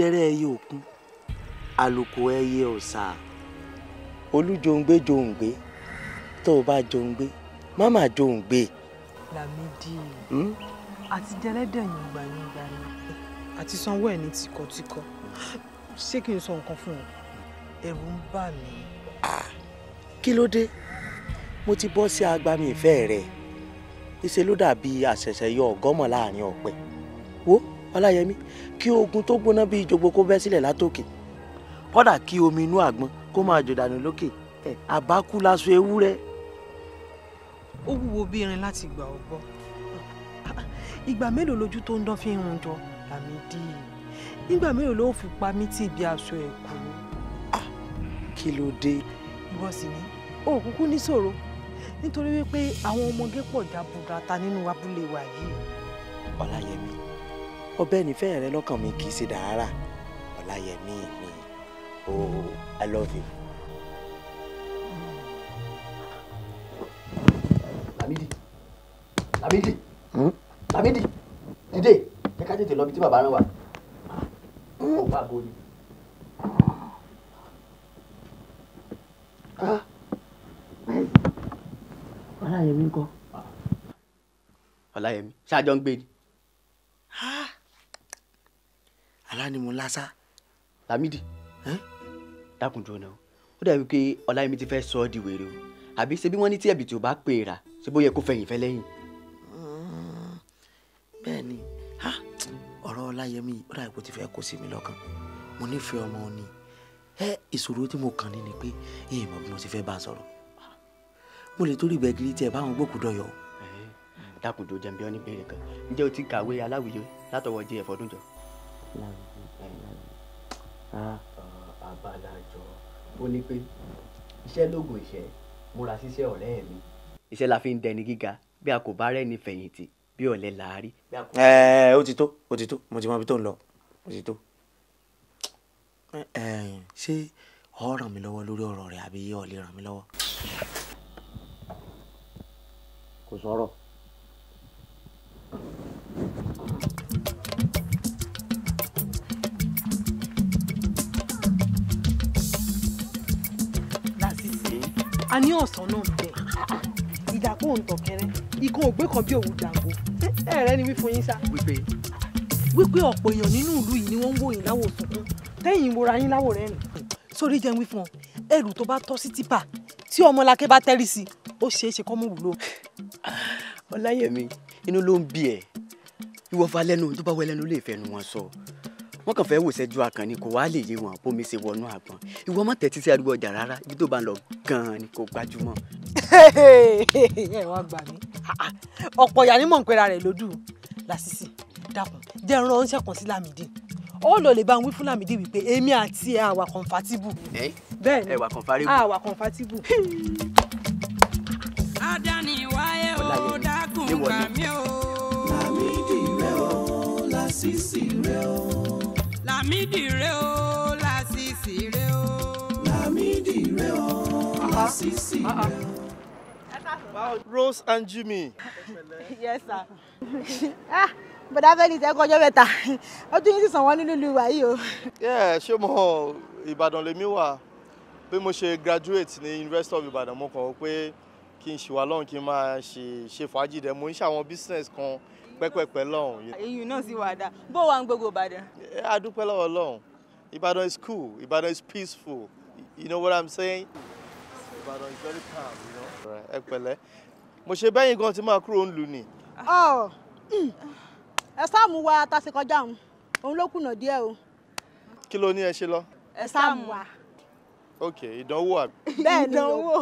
odẹrẹ ẹyẹ òkun àlùkò ẹyẹ ọ̀sà olújòǹgbé jòǹgbé tó o bá jòǹgbé má má jòǹgbé. Lámídì hmm? àti jẹlẹdẹ yìnbọn yìnbọn ni àti sanwó ẹ ní tìkọtìkọ ṣé kí n sọ nǹkan fún ọ ẹ̀rù ń bà mí. kí ló dé mo ti bọ́ sí agbami ìfẹ́ rẹ̀ ìṣe ló dàbí àṣẹ̀ṣẹ̀ yọ ọ̀gọ́mọ̀ láàrin ọ̀pẹ wo ọláyẹmí kí ogun tó gbóná bíi ìjògbó kó bẹ́ sílẹ̀ látòkè kódà kí omi inú àgbọn kó máa jò dànù lókè àbákú laṣọ ewúrẹ́. ó wúwo bí irin láti gbà ọ gbọ́ ìgbà mélòó lójú tó ń dán fi ń jọ làmì dí i ìgbà mélòó ló fi pa mí tí ibi aṣọ ẹ̀ kú. Ah, kí ló dé. ìwọ sì ni o kúkú ní ṣòro nítorí wípé àwọn ọmọge pọ̀ jaburata nínú abúlé wa yìí. ọláyẹmí ọbẹ̀ nífẹ̀ẹ́ rẹ lọ́kàn mi kì í ṣe dàárà ọ̀làyẹmí mi oh i love you. Lamidi, Lámídì Lámídì dìde ẹ ká tètè lọ bí tí bàbá rán wa ọgbà àgbo ni. Ah. ọ̀làyẹmí ńkọ́. Ah. ọ̀làyẹmí ṣáájọ́ ń gbé ni. alánimu lásà. Lamidi dákun dúró o ó dàbí pé ọláyẹmí ti fẹ́ sọ ọ́ di wèrè o àbí ṣe bí wọ́n ní tí ẹ̀bìtì ò bá pè é rà ṣe bó yẹ kó fẹ̀yìn fẹ́ lẹ́yìn. Hm, bẹ́ẹ̀ ni ọ̀rọ̀ ọláyẹmí ó dàbí pé ó ti fẹ́ kó sí mi lọ́kàn mo nífẹ̀ẹ́ ọmọ ni ẹ ìṣòro tí mo kàn ní ni pé èyí mọ̀ bí mo ti fẹ́ bá a sọ̀rọ̀ mo lè torí gbẹ̀gìrì tiẹ̀ báwọn gbókùdọ̀yọ̀ dákun dúró jẹun bí ní bèrè kan ǹjẹ́ o ti kàwé aláwìyé látọwọ́ jẹ́ ẹ̀fọ́dúnjọ́ àbálàjọ ó ní pé iṣẹ́ lóògùn ìṣẹ́ múra ṣiṣẹ́ ọ̀rẹ́ mi. iṣẹ́ la fi ń dẹni gíga bí a kò bá rẹ́ni fẹ̀yìntì bí ọ̀lẹ làárí. ẹ ẹ ó ti tó ó ti tó mo ti mọ ibi tó ń lọ ó ti tó. ṣé ọ ràn mí lọ́wọ́ lórí ọ̀rọ̀ rẹ̀ àbí ọ lè ràn mí lọ́wọ́. kò sọ̀rọ̀. a ní ọ̀sán náà bẹ̀ ìdàpọ̀ òǹtọ̀kẹrẹ ikọ̀ ògbé kan bí òwú dàgbò ẹ̀rẹ́ ni wí fún yín sá. wípé wípé ọ̀pọ̀ èèyàn nínú ìlú yìí ni wọ́n ń wò yín láwò sunkún tẹ́yìn ìwòra yín láwò rẹ̀ nù. sórí jẹun wí fún ọ ẹrù tó bá tọ́ sí tìpà tí ọmọlákẹ́ bá tẹ́rí sí ó ṣeé ṣe kọ́ mú wúlò. ọláyẹmí inú ló ń bí ẹ ìwọ wọ́n kàn fẹ́ wò sẹ́jú akànnì kò wá lè yé wọn bómi ṣe wọnú àgbọn ìwọ mọ̀ tẹ́tí sí arúgbó ọjà rárá ibi tó bá ń lọ gan-an ni kò gbajúmọ̀. ẹ wá gbà mí ọ̀pọ̀ ìyá ni mò ń pera rẹ̀ lódù lásìsì dákun jẹ́ ń ránṣẹ́ kan sí lámìdí ó lọ lè bá ń wí fún lámìdí wípé èmi àti ẹ àwà kọ̀ǹfàtìbù. bẹ́ẹ̀ ni àwà kọ̀ǹfàtìbù. adániwáyé ó dákun kàmí ó. lámìdí rẹ ó lásìsì rẹ ó. Lámídì rèé o Lásìsì rèé o. Lámídì rèé o Lásìsì rèé o. Rose and Jimmy. yes sir. ah bọ̀dá fẹ́ni tẹ́ kọjọ́ mẹ́ta ó tún yín sì sàn wọ́n nínú ìlú wa yìí o. ṣé mo Ìbàdàn lèmi wà bí mo ṣe graduate ní University of Ìbàdàn mo kàn ó pé kí n ṣì wà lọ́hùn kí n máa ṣe fàájì dẹ̀ mo ń ṣe àwọn business kan pẹ́pẹ́pẹ́ lọ́hùn. iyùn náà sì wà dáa bó wà ń gbogbo ìbàdàn. a dúpẹ́ lọ́wọ́ lọ́hùn ìbàdàn is cool ìbàdàn is peaceful you know what i'm saying ìbàdàn is very calm you know. ẹ pẹ̀lẹ́ mo ṣe bẹ́yìn gan ti máa kúrò ń lù ní. Oh, hmm. ẹ sáàmù wa ta ṣe kọjá òun òun ló kùnà díẹ̀ o. kí ló ní ẹ ṣe lọ. ẹ sáàmù wa. ok ìdánwò àbí. bẹ́ẹ̀ ni ìdánwò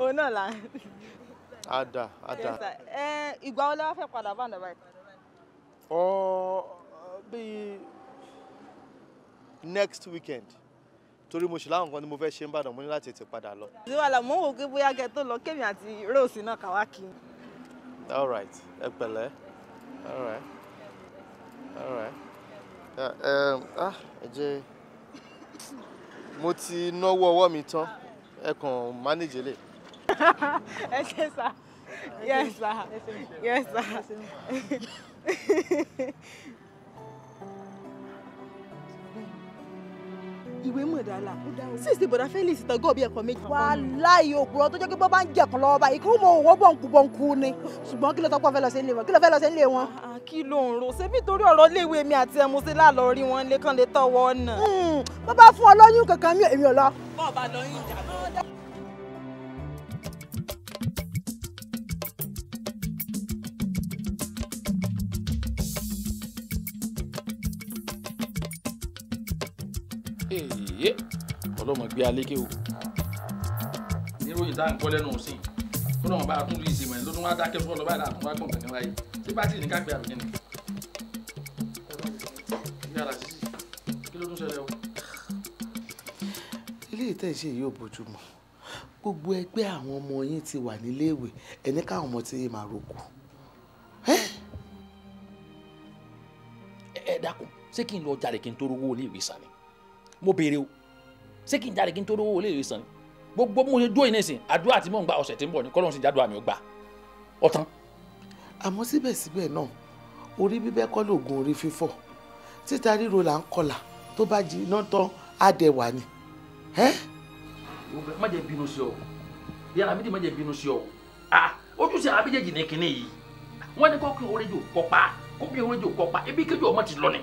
òun náà là ń ada ada. Eh, ìgbà wo lẹ wá fẹ́ padà bá ọ̀nà báyìí. ọ bíi next weekend torí mo ṣe láwọn nǹkan tí mo fẹ́ ṣe ń bàdàn mo ní láti tètè padà lọ. ìdí wàhálà mò ń wò pé bóyá kẹ tó lọ kémi àti rose náà kà wá kí. all right ẹ pẹ̀lẹ́ all right all right ah, ẹ jẹ́ mo ti náwó ọwọ́ mi tán ẹ kàn manage lè ẹ ṣe Yes, sir. Yes, sir. sá. ìwé mọ̀dálà sísè bọ̀dá Felix tán gọ́ọ̀bì ẹ̀kọ́ méjì. wàláhì òpùrọ̀ tó jẹ́ pé bọ́ bá ń jẹ̀kọ́ lọ́wọ́ báyìí kí wọ́n wọ́ bọ̀ǹkú bọ̀ǹkú ni ṣùgbọ́n kí ló tọ́pọ̀ fẹ́ lọ sí ilé wọn kí ló fẹ́ lọ sí ilé wọn. Ah, kí ló ń ro ṣé nítorí ọ̀rọ̀ léwu èmi àti ẹmu sí lálọ́ rí wọn lé tọ́wọ́ ọ̀nà. Hmm, bàbá fún ọ kankan mi èmi ò yé ọlọ́mọ gbé alékè o níròyìn tá à ń kọ́ lẹ́nu òsì kó lọ́mọ bá a tún rí ìsèmọ̀ ẹ̀ lọ́dún wá dákẹ́ fún ọlọ́ba ìlànà wá gbọ̀ngàn kan láyé tí bá ti ní ká pé àbíkẹ́ni. yàrá sísì kí ló tún ṣẹlẹ̀ o. ilé ìtẹ̀sí yìí ò bójúmu gbogbo ẹgbẹ́ àwọn ọmọ yín ti wà níléèwé ẹni káwọn ọmọ ti máa roko. ẹ dákun ṣé kí n lọ jalè kí n tó rówó ilé ìwé sani mo béèrè o ṣé kí n jáde kí n tó rówó ilé ìwé san ni gbogbo mo ṣe dúró yìí nísìn àdúrà tí mò ń gba ọ̀sẹ̀ tí ń bọ̀ ni kọ́lọ́run sì jádùá mi ò gbà ọ̀tán. àmọ́ síbẹ̀síbẹ̀ náà orí bíbẹ́ kọ́ lóògùn orí fífọ́ títa ríro là ń kọlà tó bá jí iná tán á dẹ̀ wà ni. má jẹ́ bínú sí ọ yàrá mi ti má jẹ́ bínú sí ọ ojúṣe àwọn méjèèjì ní kinní yìí wọ́n ní kọ́kí oríjì kọ́pa kọ́kí oríjì kọ́pa ibi kéjì ọmọ ti lọ ni.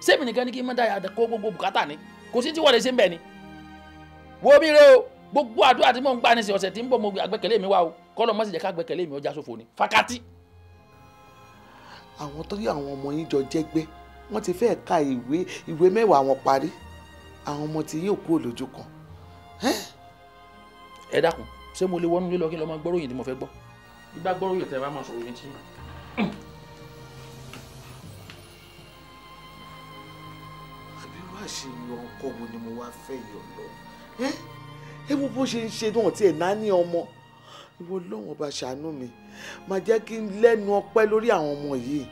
sẹ́mi kí ni kò sí tí wọ́n lè ṣe ń bẹ̀ ni wo mi re o gbogbo àdúrà tí mò ń gbà ní ọ̀sẹ̀ tí ń bọ̀ mo àgbẹ̀kẹ̀lé mi wá o kọ́lọ́ mọ́sí jẹ́ ká àgbẹ̀kẹ̀lé mi ọjà ṣòfò ni fakati. àwọn tó rí àwọn ọmọ yín jọ jẹ́gbẹ́ wọ́n ti fẹ́ẹ̀ ka ìwé ìwé mẹ́wàá wọn parí àwọn ọmọ tí yóò kúrò lójú kan. ẹ dákun ṣé mo lè wọnú lé lọ kí n lọ máa gbọ́ròyìn tí mo fẹ́ gbọ́. gbígbá gbọ́ròyìn tẹ ẹ bá máa sọ̀rọ̀ yẹn tí àṣeyọ ọkọ wo ni mo wá fẹ́ yọ lọ ẹ wo bó ṣe ń ṣe náà tí ẹ̀ náà ní ọmọ ìwọ lọ́wọ́n bá ṣàánú mi má jẹ́ kí n lẹ́nu ọpẹ́ lórí àwọn ọmọ yìí.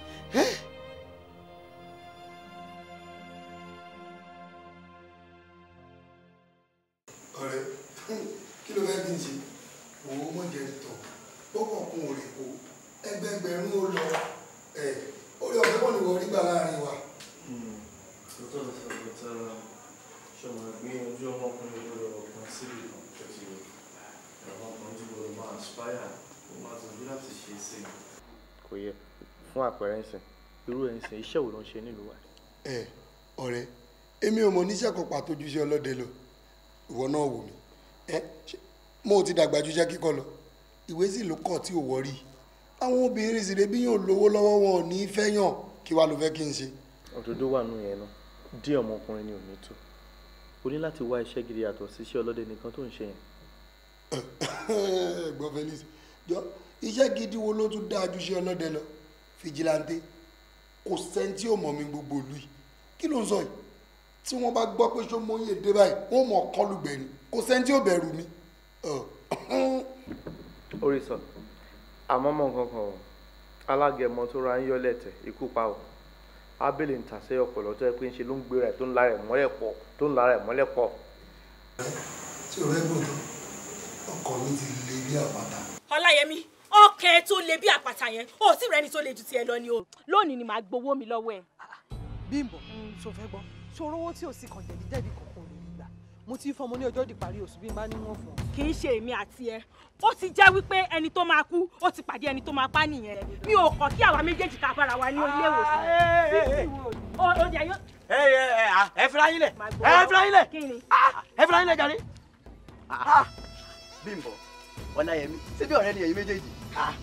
nísìnyí iṣẹ́ wo ló ń ṣe nílùú wa. ẹ ọ̀rẹ́ èmi ò mọ oníṣẹ́ kan pàtó ju iṣẹ́ ọlọ́dẹ lọ ìwọ náà wò mí ẹ mo ti dàgbà ju iṣẹ́ kíkọ lọ ìwé sì ló kọ tí ò wọrí àwọn obìnrin sì rèébí yóò lówó lọ́wọ́ wọn ò ní í fẹ́ yàn kí wàá ló fẹ́ kí n ṣe. òdodo wà nù yẹn náà díẹ̀ ọmọkùnrin ni ò ní tó o ní láti wá iṣẹ́ gidi yàtọ̀ sí iṣẹ́ ọlọ́dẹ nìkan tó ń ṣe yẹn. gbọ́ felix jọ iṣẹ́ gidi wo ló tún dáa ju iṣẹ́ ọlọ́dẹ lọ fìjìláńtẹ́ kò sẹ́ni tí yóò mọ̀ mi gbogbo ìlú yìí kí ló ń sọ yìí tí wọ́n bá gbọ́ pé ṣó mọ́yè dé báyìí wọ́n mọ̀ kọlùgbẹ̀ ni kò sẹ́ni tí yóò bẹ̀rù mi. orí sọ àmọ́ mọ̀ nǹkan kan o alágẹmọ tó ra ń yọ lẹ́tẹ̀ ikú pa o abẹ́lé ń tàṣe ọ̀pọ̀lọ́ tó yẹ pé ń ṣe ló ń gbéra ẹ̀ tó ń la rẹ̀ mọ́lẹ̀ pọ̀ tó ń la rẹ̀ mọ́lẹ̀ pọ̀. tí ọ̀rẹ́ ọkàn ẹ tó le bí àpáta yẹn ó sì rẹni tó le ju tiẹ̀ lọ ni o. lónìí ni màá gbowó mi lọ́wọ́ ẹ. Bímbọ́ ṣo fẹ́ gbọ́ ṣòro owó tí ò sí kan jẹ̀bi jẹ̀bi kọ̀ọ̀kan ló ń gbà mo ti fọmọ ní ọjọ́ ìdìparí oṣù bí n bá ní wọ́n fún ọ. kì í ṣe èmi àti ẹ ó ti jẹ́ wípé ẹni tó máa kú ó ti pàdé ẹni tó máa pa nìyẹn mi ò kọ̀ kí àwa méjèèjì ká bára wa ní ilé ìwòsàn. ẹ ẹ ẹ ẹ fira yín lẹ eh, ẹ fira yín lẹ ah, ẹ fira yín lẹ jàre. Ah, ah. Bímbọ́ Ọláyẹmí ọ̀rẹ́ ni ẹ̀yin méjèèjì Ah,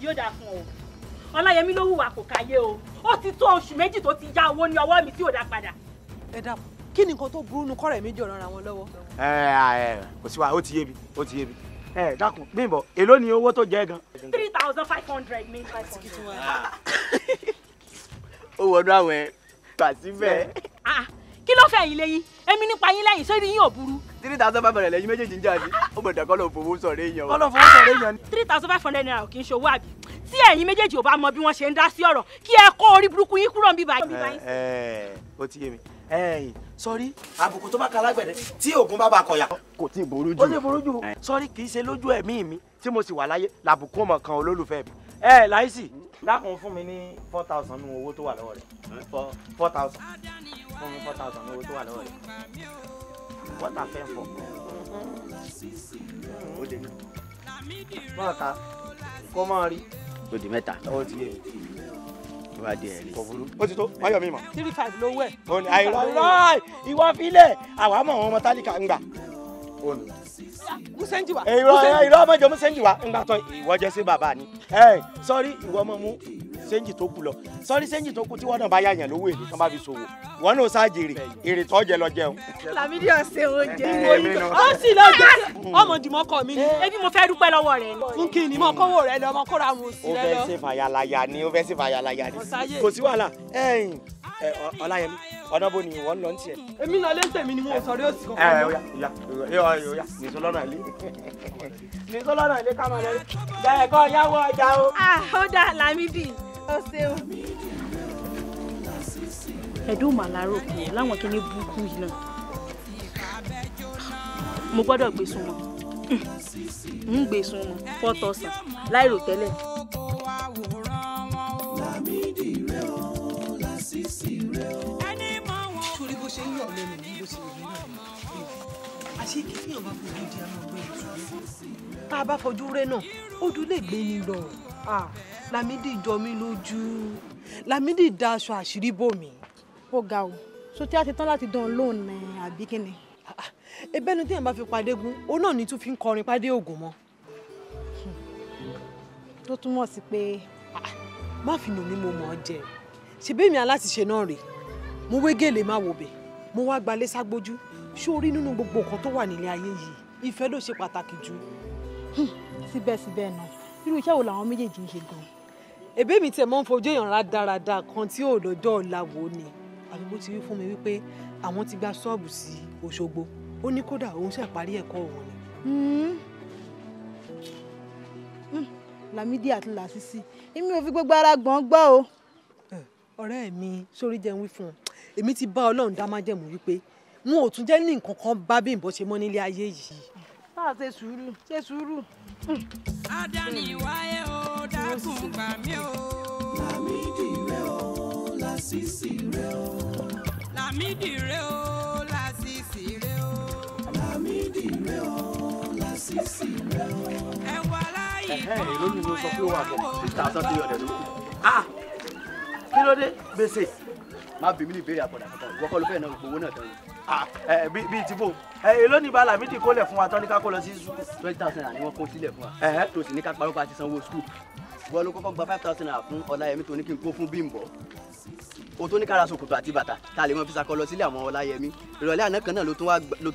yóò dáa fún ọ ọláyẹmí ló hùwà kò káyé o ó ti tó oṣù méjì tó ti já owó ní ọwọ́ mi tí ò dá padà. ẹ dàpọ̀ kí ni nǹkan tó burú nu kọ́rẹ̀ méjì ọ̀ràn ra wọn lọ́wọ́. ẹ ẹ kò sí wa ó ti yé mi ó ti yé mi ẹ dákun bímbọ èló ni owó tó jẹ gan. three thousand five hundred mi. Ah. ó wọnú àwọn ẹ pàṣípẹ. kí ló fẹ́ yín lẹ́yìn èmi nípa yín lẹ́yìn sórí yín ò burú three thousand five hundred lẹ́yìn méjèèjì ń jáde ó gbọ́dọ̀ kọ́ ló fowó sọ̀rọ̀ èèyàn. kọ́ ló fowó sọ̀rọ̀ èèyàn ni. three thousand five hundred naira kì í ṣòwò àbí tí ẹ̀yin méjèèjì ò bá mọ bí wọ́n ṣe ń dá sí ọ̀rọ̀ kí ẹ kó orí burúkú yín kúrò níbí báyìí. ẹ ẹ o ti yé mi ẹyìn sọrí àbùkù tó bá kan lágbẹ̀dẹ tí ògùn bá ba kọyà. kò tí ì ború jù. ó ti ború jù. sọrí kì í ṣe lójú ẹ̀mí mi tí mo sì wà láyé làbùkù ọmọ kan olólùfẹ́ mi. ẹ láìsí dákun fún mi ní four thousand nínú owó tó wà lọ́wọ́ rẹ̀ four thousand fún mi four thousand nínú owó tó wà lọ́wọ́ rẹ̀. What fẹ́ fọ. for? Mm-hmm. What? ní. máa ka What máa rí. ó di mẹ́ta. ó ti yé mi wá di three five lówó ẹ̀. òní àìrọ̀ ìwọ filẹ̀ àwa mọ̀ àwọn ọmọ tálíkà ń gbà. òní musenjiwa. irọ́ irọ́ ọmọ jẹ́ musenjiwa ńgbà tán ìwọ jẹ́ sí bàbá ni sọ́rí ìwọ ọmọ mú sẹ́ńjì tó kù lọ sọ́rí sẹ́ńjì tó kù tí wọ́n náà bá yàyàn lówó èlé tán bá fi ṣòwò wọ́n náà ṣáà jèrè èrè tó jẹ lọ jẹun. Lamidi ọ̀sẹ̀ oúnjẹ ìwòyìn ó sì lọ jẹ ah! ọmọ dìmọ́ kọ mi ni ebi eh. mo fẹ́ dúpẹ́ lọ́wọ́ rẹ̀ ni n kì í mọ ẹ eh, ọláyẹmí ọ̀nà bo ni ìwọ ń lọ ń tiẹ̀. èmi náà lẹ́sẹ̀ mi ni mo sọ rí òsì kankan. ẹ eh, ọya ọya ọya ọya nìṣó lọ́nà ilé. nìṣó lọ́nà ilé ká máa lọ bẹ́ẹ̀ kọ́ yáwó ọjà o. Ah, ó dà lámídì ó ṣeun. ẹ̀dùn màláró kìí láwọn kìíní burúkú yìí náà mo gbọ́dọ̀ gbé sunwọ̀n ń gbé sunwọ̀n four thousand láìrò tẹ́lẹ̀. ò bá fojú di àmọ́ pé tá a bá fojú rẹ náà ojú lè gbé ni lọ Lámídì jọ mi. lójú Lámídì da aṣọ àṣírí bò mí. ó ga o sotí a ti tán láti dán lóun ní àbí kíni. ebẹ́ni tí èèyàn bá fi pàdé gun òun náà ní tún fi ń kọrin pàdé ògùn mọ́. tó túmọ̀ sí pé má fi nù mí mo mọ̀ ọ́ jẹ ṣebí èmi aláṣìṣe náà rèé mo wé gèlè má wò bẹ́ẹ̀ mo wá gbalé ságbójú ṣórí nínú gbogbo nǹkan tó wà nílé ayé yìí ìfẹ́ ló ṣe pàtàkì jù. Hmm, síbẹ̀síbẹ̀ náà irú iṣẹ́ wo làwọn méjèèjì ń ṣe gan-an. èbí mi tiẹ̀ máa ń fojú èèyàn rádaràda kan tí ò lọ́jọ́ ọ̀la wò ni àbí bó ti wí fún mi wípé àwọn ti gba ṣọ́ọ̀bù sí Òṣogbo ó ní kódà òun ṣe parí ẹ̀kọ́ òun ni. Hmm. Hmm, Lámídì àti Lásìsì èmi ò fi gbogbo ara gbọ́n gbọ́ o. ọ̀rẹ́ mi sórí jẹun wí fún un èmi ti bá Ọlọ́run dá májẹ̀mú wípé wọn ò tún jẹ́ ní nǹkan kan bá bí nǹbó ṣe mọ́ nílé ayé yìí. báà ṣe sùúrù ṣe sùúrù. adani wáyé o dákun gbà mí o. lámìdì rẹ o lásìsì rẹ o. lámìdì rẹ o lásìsì rẹ o. lámìdì rẹ o lásìsì rẹ o. ẹ wà láyé ọmọ ẹ wà wò. Ah! kí ló dé gbèsè má bìí mi ní ìbéèrè àpọ̀dà kankan ìwọ́kọ́ ló fẹ́ẹ̀ náà gbowó náà tán Ah, eh, bíi ti bò eh, èló ní bàálà mídìí kó lẹ̀ fún wa tán ní ká kó lọ sí sukù. twenty thousand naira ni wọ́n kó sílẹ̀ fún wa tó sì ní ká parọ́ pa ti sanwó sukù wọ́n ló kọ́kọ́ gba five thousand naira fún ọláyẹmí tó ní kí n kó fún bímbọ́ o tó ní kára ṣòkòtò àti bàtà tá a lè mọ fi sakọ lọ sílé àwọn ọláyẹmí ìrọ̀lẹ́ àná kan náà ló tún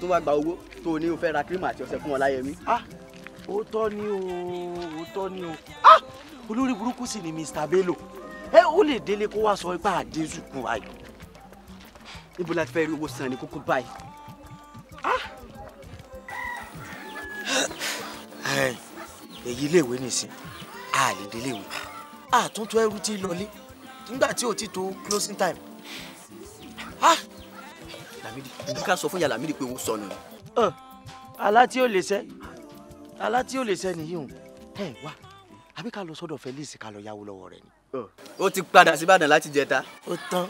wá gba owó tó o ní o fẹ́ ra kírímù àti ọṣẹ fún ọláyẹmí. Ah, ó tọ́ ni o ó tọ́ ni o ah, olórí burúkú sì ni Mr. Bello ẹ eh, ó lè délé kó wá sọ ipá àdéhùn kù ayọ̀ níbo la ti fẹ́ rí owó san ní kókó báyìí. Ah! èyí iléèwé nìsín a lè dé iléèwé àtúntò ẹrú ti lọlé nígbà tí ò ti tó closing time. Ah! Lamidi bí ká sọ fún yàrá Lamidi pé owó sọnù. alá tí ó lè ṣe alá tí ó lè ṣe nìyí o ẹ wá àbí ká lọ sọ́dọ̀ Felix ká lọ yáwó lọ́wọ́ rẹ̀ ni. ó ti padà sí Ìbàdàn láti jẹta. ó tán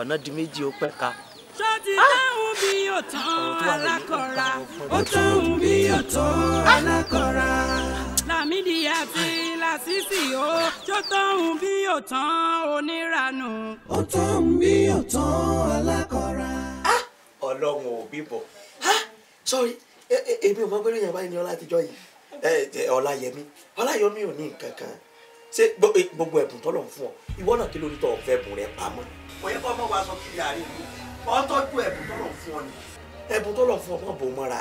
ọ̀nà di méjì ó pẹ́ ka. Ah! Ah! Ah! ṣó ti dáhùn bí yóò tán alákọ̀ọ́ra ó dáhùn bí yóò tán alákọ̀ọ́ra. Lámídì àti Lásìsì ó ṣó tóhun bí yóò tán oníranù. ó tóhun bí yóò tán alákọ̀ọ́ra. ọlọ́run ò bíbọ̀. sọ́rí e, e, èmi ò mọ pé lóyún àbáyé ni ọlá àtijọ́ yìí ọláyẹmí ọláyẹmí ò ní nǹkan kan ṣé e, gbogbo ẹ̀bùn tọ́lọ̀ ń fún ọ ìwọ náà kí ló ní ọ̀fẹ́ ẹ̀bùn rẹ pamọ́ kò yẹ kó ọmọ wa sọ kiri àárín ìlú ọ tọ́jú ẹ̀bùn tọ́lọ̀ fún ọ ni. ẹ̀bùn tọ́lọ̀ fún ọmọ bò mọ́ra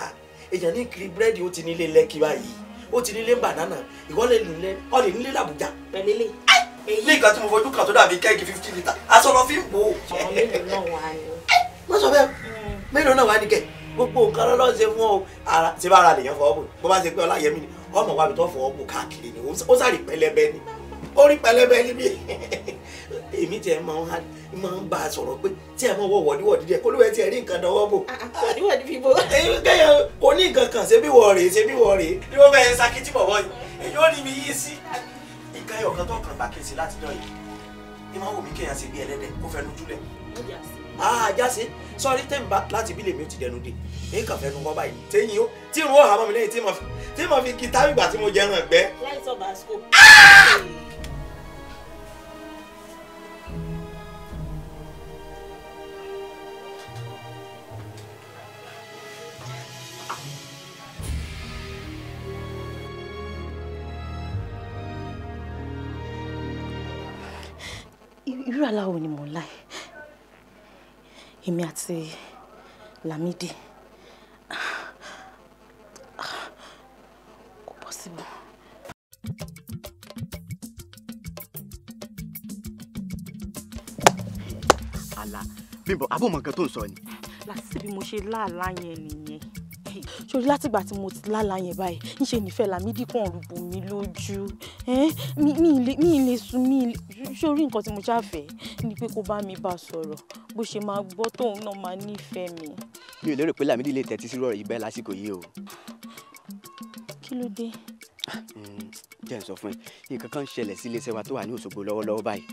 èèyàn ní kiri búrẹ́dì ó ti nílé lẹ́kì báyìí ó ti nílé banana ìwọ́lẹ̀ nílé ọ lè nílé làbújá. pẹ̀lú ilé ní ìgbà tí mo fojú kan tó dàbí kẹ́ẹ̀kì fifty litre aṣọ lọ fi ń bò ó. ọ̀rọ̀ hmm. mélòó náà wà á ní. wọ́n sọ bẹ́ẹ̀ mélòó náà wà á ní kẹ́ gbogbo nǹkan lọ́lọ́ ṣe fún ọ ara ṣe bá ara lèèyàn fọwọ́ bò bó bá ṣe pé ọláyẹmí ni ọmọ wa mi tó fọwọ́ bò káàkiri ni ó sáré pẹlẹbẹ ni orí pẹlẹbẹ níbí èmi tiẹ̀ máa ń ha máa ń bá a sọ̀rọ̀ pé tí ẹ máa wọ wọ̀díwọ̀dí díẹ̀ kó ló bẹ tiẹ̀ rí nǹkan dánwọ́ bò. Ah, ah, wọ̀díwọ̀dí fi bò. kẹ́yọ̀ kò ní nǹkan kan ṣe bí wọ̀ rèé ṣe bí wọ̀ rèé ni wọ́n bẹ̀rẹ̀ sakitì bọ̀bọ̀ yìí èyí ó ní mi yí sí. nǹkan ẹyọ kan tó kàn bá kéésì láti dán yìí ni máa wò mí kéèyàn ṣe bí ẹlẹ́dẹ̀ kó fẹ́ lójúlẹ̀. àjàsí ah, sọrí tẹ́ǹbà láti bí lèmi ò ti dẹnu dé èyí kàn fẹ́ nu wọ́n báyìí téyìn ó tí n ó hàmọ́ mi lẹ́yìn tí mo fi kí tábìgbà tí mo jẹ́ ràn gbẹ́. láì sọ bàásùkò. babaláwo ni mò ń láì èmi àti Lámídì kò possible. àlá bímbọ abúmọ̀ nǹkan tó ń sọ ni. láti bí mo ṣe láàlá yẹn nìyẹn sori látìgbà tí mo ti lálàá yẹn báyìí níṣẹ́ nífẹ̀ẹ́ Lámídì kan rúbù mi lójú mi ì lè sùn mi ì lè sori nǹkan tí mo ṣàfẹ́ ni pé kó bá mi bá sọ̀rọ̀ bó ṣe máa gbọ́ tóun náà máa nífẹ̀ẹ́ mi. mi ò lérò pé Lámídì lè tẹ́tí sí rọ̀rọ̀ yìí bẹ́ẹ̀ lásìkò yìí o. kí ló dé. Hmm, jẹ́ ń sọ fún ẹ nǹkan kan ń ṣẹlẹ̀ sí iléeṣẹ́ wa tó wà ní Òṣogbo lọ́wọ́lọ́wọ́ báyìí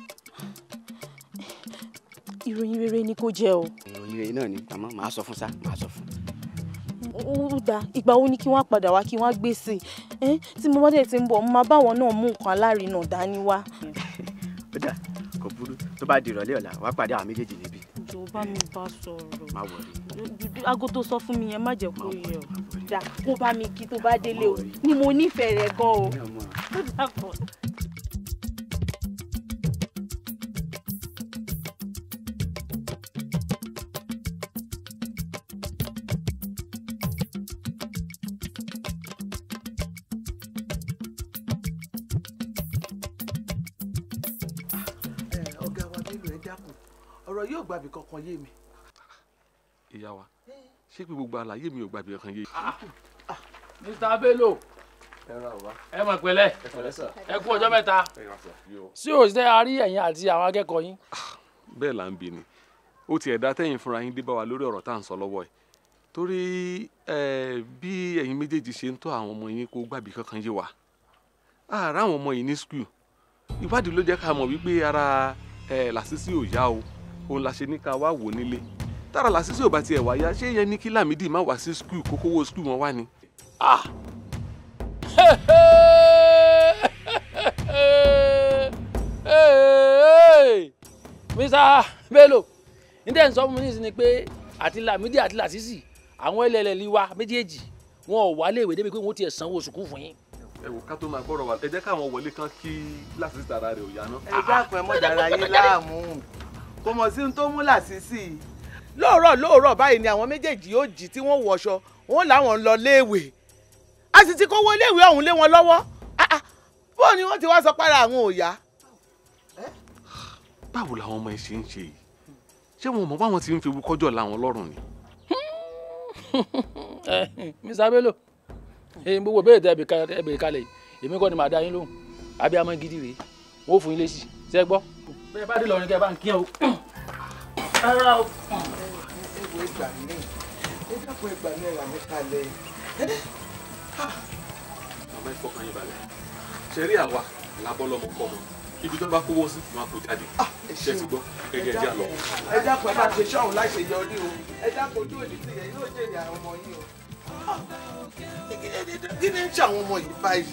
ìròyìn rere ni kò jẹ o. ìròyìn rere náà ni àmọ́ màá sọ fún sá màá sọ fún ó da ìgbà wo ni kí wọ́n padà wá kí wọ́n gbé sí i tí mo bá dẹ̀ ti ń bọ̀ mo máa báwọn náà mú nǹkan alárinà dání wá. ó dà kò burú tó bá di ìrọ̀lẹ́ ọ̀la wàá pàdé àwọn méjèèjì níbí. jọ bá mi bá sọ̀rọ̀. má wọlé. aago tó sọ fún mi yẹn má jẹ́ kó yẹ o. dà kó bá mi kí tó bá délé o ni mo nífẹ̀ẹ́ rẹ̀ gan o. ó dà pọ̀. gbàbí kankan yé mi. ìyá wa ṣé pé gbogbo àlàyé mi ò gbàbí kankan yé ah, ah. Mr. Bello ẹ mọ̀ pẹ̀lẹ́ ẹ kú ọjọ́ mẹ́ta sí òṣìṣẹ́ àárí ẹ̀yin àti àwọn akẹ́kọ̀ọ́ yín. Ah, bẹ́ẹ̀ là ń bi ni ó tiẹ̀ dá tẹ́yìn fúnra yín dé bá wa lórí ọ̀rọ̀ tá à ń sọ lọ́wọ́ yìí torí bí ẹ̀yin méjèèjì ṣe ń tọ́ àwọn ọmọ yín kó gbàbí kankan yé wa àárá àwọn ọmọ yìí ní skul ìwádìí ló jẹ́ ká mọ̀ wípé ara làṣìṣì ò yá o òun la ṣe ní ká wá wò nílé tára làṣìṣe ò bá tiẹ̀ wáyá ṣé yẹn ní kí Lámìdí má wá sí skul kókówó skul wọn wá ni. Ah! Mr. Bello níta ń sọ fún mi nísìnyí pé àti Lámìdí àti làṣìṣì àwọn ẹlẹ́lẹ́lì wa méjèèjì wọn ò wá léèwé débi pé wọn ò tiẹ̀ sanwó sùkúù fún yín ẹ wò ká tó máa gbọ́rọ̀ wa ẹ jẹ́ káwọn wọlé kan kí láti tara rẹ̀ ò yá ná. ẹ dákun ẹ mọ̀jára yín láàmú kò mọ̀ sí ohun tó mú làṣìṣì lóòrọ̀ lóòrọ̀ báyìí ni àwọn méjèèjì yóò jí tí wọ́n wọṣọ wọn làwọn ń lọ léèwé a sì ti kówó léèwé ọ̀hún lé wọn lọ́wọ́ ah, ah, bó ni wọ́n ti wá sọ para àwọn òòyà. báwo làwọn ọmọ ẹ ṣe ń ṣe yìí ṣé wọn mọ báwọn ti ń fi ewu kọjọ làwọn lọ́rùn ni. mr bello èyí gbogbo bẹ́ẹ̀ tẹ ẹbẹ̀rẹ̀ kalẹ̀ yìí èmi kọ́ ni màá dá yín lóhùn abiyamọ gidi rèé wọ́n fún yín lésì ṣé gbọ́ bẹ́ẹ̀ bá dé lọ́rin kẹ́ bá ń kín o. ara o. ewu ìgbà mi ẹ dákun ìgbà mi rà mí kalẹ̀. màmá ẹ fọkàn yín balẹ̀ ṣe rí àwa làbọ́ lọ́mọ kọ́ mọ́ ibi tó bá kówó sí máa kó jáde ah, ṣe ti gbọ́ ẹ̀jẹ̀ ẹ̀jẹ̀ àlọ́. ẹ dákun ẹ bá ṣe ṣọ́hún láì ṣe yọ ní o ẹ dákun ojú òní ti yẹ yóò jèrè àwọn ọmọ yín o. Ah, kí ni ń ṣe àwọn ọmọ yìí báyìí?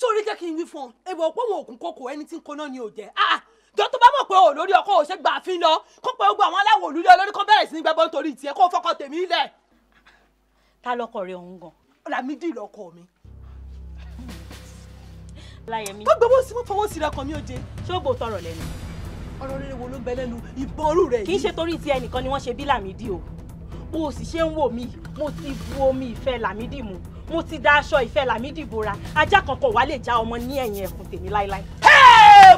sórí jẹ́ kí n wí fún ọ èèwọ̀ pé òun òkun kòkò ẹni tí ń koná ni ò jẹ́ ah, jọ tó bá mọ̀ pé olórí ọkọ ò ṣe gbà fi lọ kó pé gbogbo àwọn aláwọ̀ olúlé olórí kan bẹ̀rẹ̀ sí ní gbẹ́bọ́ nítorí tiẹ̀ kó fọkọ tèmi lẹ̀. ta lọkọ rẹ òun gan. Lámídì lọkọ mi. láyẹmí. kó gbowó sí mú fowó sí lọkọ mi ó jẹ. ṣé o gbò tọrọ lẹ́nu. ọ̀rọ̀ rere wo ló ń bẹ lẹ́nu ìbọn orú rẹ̀ yìí. kì í ṣe torí ti ẹnìkan ni wọ́n ṣe bí Lámídì o bó sì ṣe ń wò mí mo ti bu omi ìfẹ́ làmídì mu mo ti da aṣọ ìfẹ́ làmídì bora ajá kankan wà lè já ọmọ ní ẹ̀yìn ẹ̀kùn tèmi láéláé.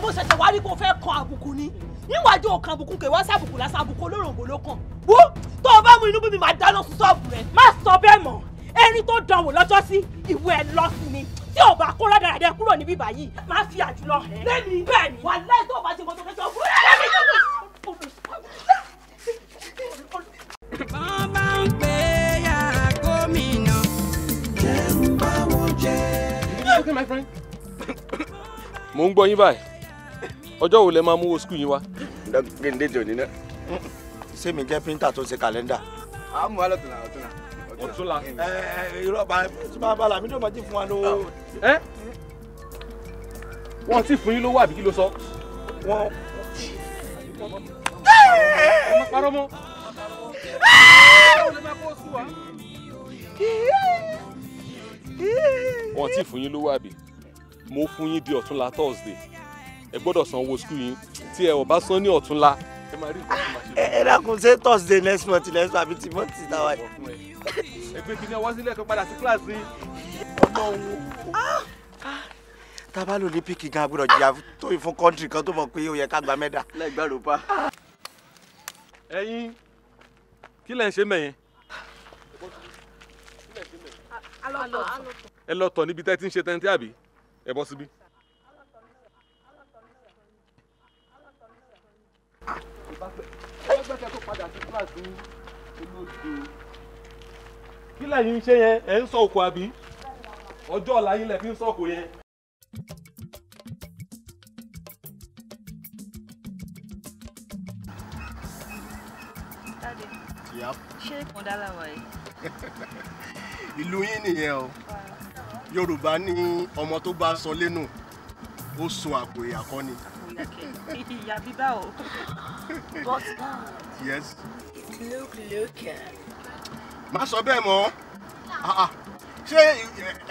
mo ṣẹ̀ṣẹ̀ wá rí kó fẹ́ kan àbùkù ni níwájú ọkàn àbùkù kè wá lásán àbùkù olóròǹgbò ló kàn wó tó o bá mú inú bíbí máa dáná sun ṣọ́ọ̀bù rẹ̀. má sọ bẹ́ẹ̀ mọ̀ erin tó dánwò lọ́jọ́ sí ìwé ẹ̀ lọ sí ni tí o bá kó ládàradà kúrò níbí báyìí má fi àjùlọ hẹ́. lẹ́ni bẹ́ẹ̀ ni wàhálà tó o bá ti mọ̀ tó fún ẹ̀ lẹ́ni tó kù Okay, mo ń gbọ́ yín báyìí ọjọ́ wo lẹ máa mú wo skul yín wá. gbẹ̀ǹde jò ní náà. ṣé mi jẹ́ píríntà tó ṣe kàlẹ́ndà. a mú wa ẹ ẹ wa ẹ wọn ti fún yín lówó àbí kí ló wọn ti fún yín lówó àbí mo fún yín di ọ̀túnla thursday ẹ gbọ́dọ̀ san owó skul yín tí ẹ ò bá san ní ọ̀túnla ẹ ẹ dákun ṣe thursday next month next month ti month ti náà wáyé. ẹ ọwọ́ sílẹ̀ kan padà sí kíláàsì ọ̀nà òun. tábà ló ní píkì gan agbọ́dọ̀ jìyà tó fún kọ́ńtì kan tó mọ̀ pé ó yẹ ká gba mẹ́dà. ẹyin kí la ń ṣe mẹ́yìn. ẹ lọ tọ̀ níbi ti n ṣe tẹ́ntẹ́ àbí ẹ bọ́ síbí. kí lẹ́yìn ń ṣe yẹn ẹ̀ ń àbí ṣe mọ̀dálàwọ̀ yìí. ìlú yín nìyẹn o yorùbá ní ọmọ tó bá sọ lẹ́nu ó sun àpò ìyàkọ́ ni. ìyá bíbá o yes. look look. má sọ bẹ́ẹ̀ mọ́ ah, ah. ṣé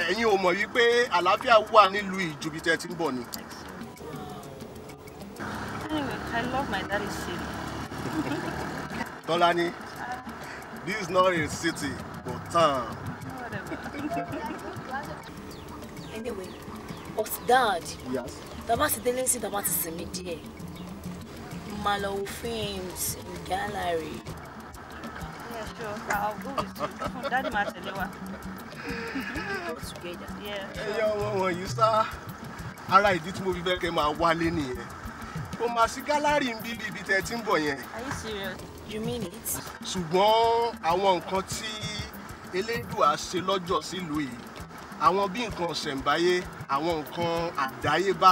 ẹ̀yin ò mọ̀ wípé àlàáfíà wà nílùú ìjùbìtẹ́ tí ń bọ̀ ni. anyway I love my daddy city. Tọ́lání. This is not a city, but town. anyway, Osdad. Yes. The bá ti délé sí, tá bá ti sinmi díẹ̀. Máa films in gallery. Yeah, sure. I'll go with you. Daddy máa tẹ̀lé Together. Yeah. Ẹ yọ ọmọ wọ̀nyí sá. Ara ìdí tí mo fi fẹ́ kẹ́ máa wálé nìyẹn. Kò gallery in gálárì ń bí ibi tẹ́ ti Are you serious? You mean it? ṣùgbọ́n àwọn nǹkan tí elédùà ṣe lọ́jọ́ sílùú yìí àwọn bí nǹkan ọ̀sẹ̀ǹbáyé àwọn nǹkan àdáyébá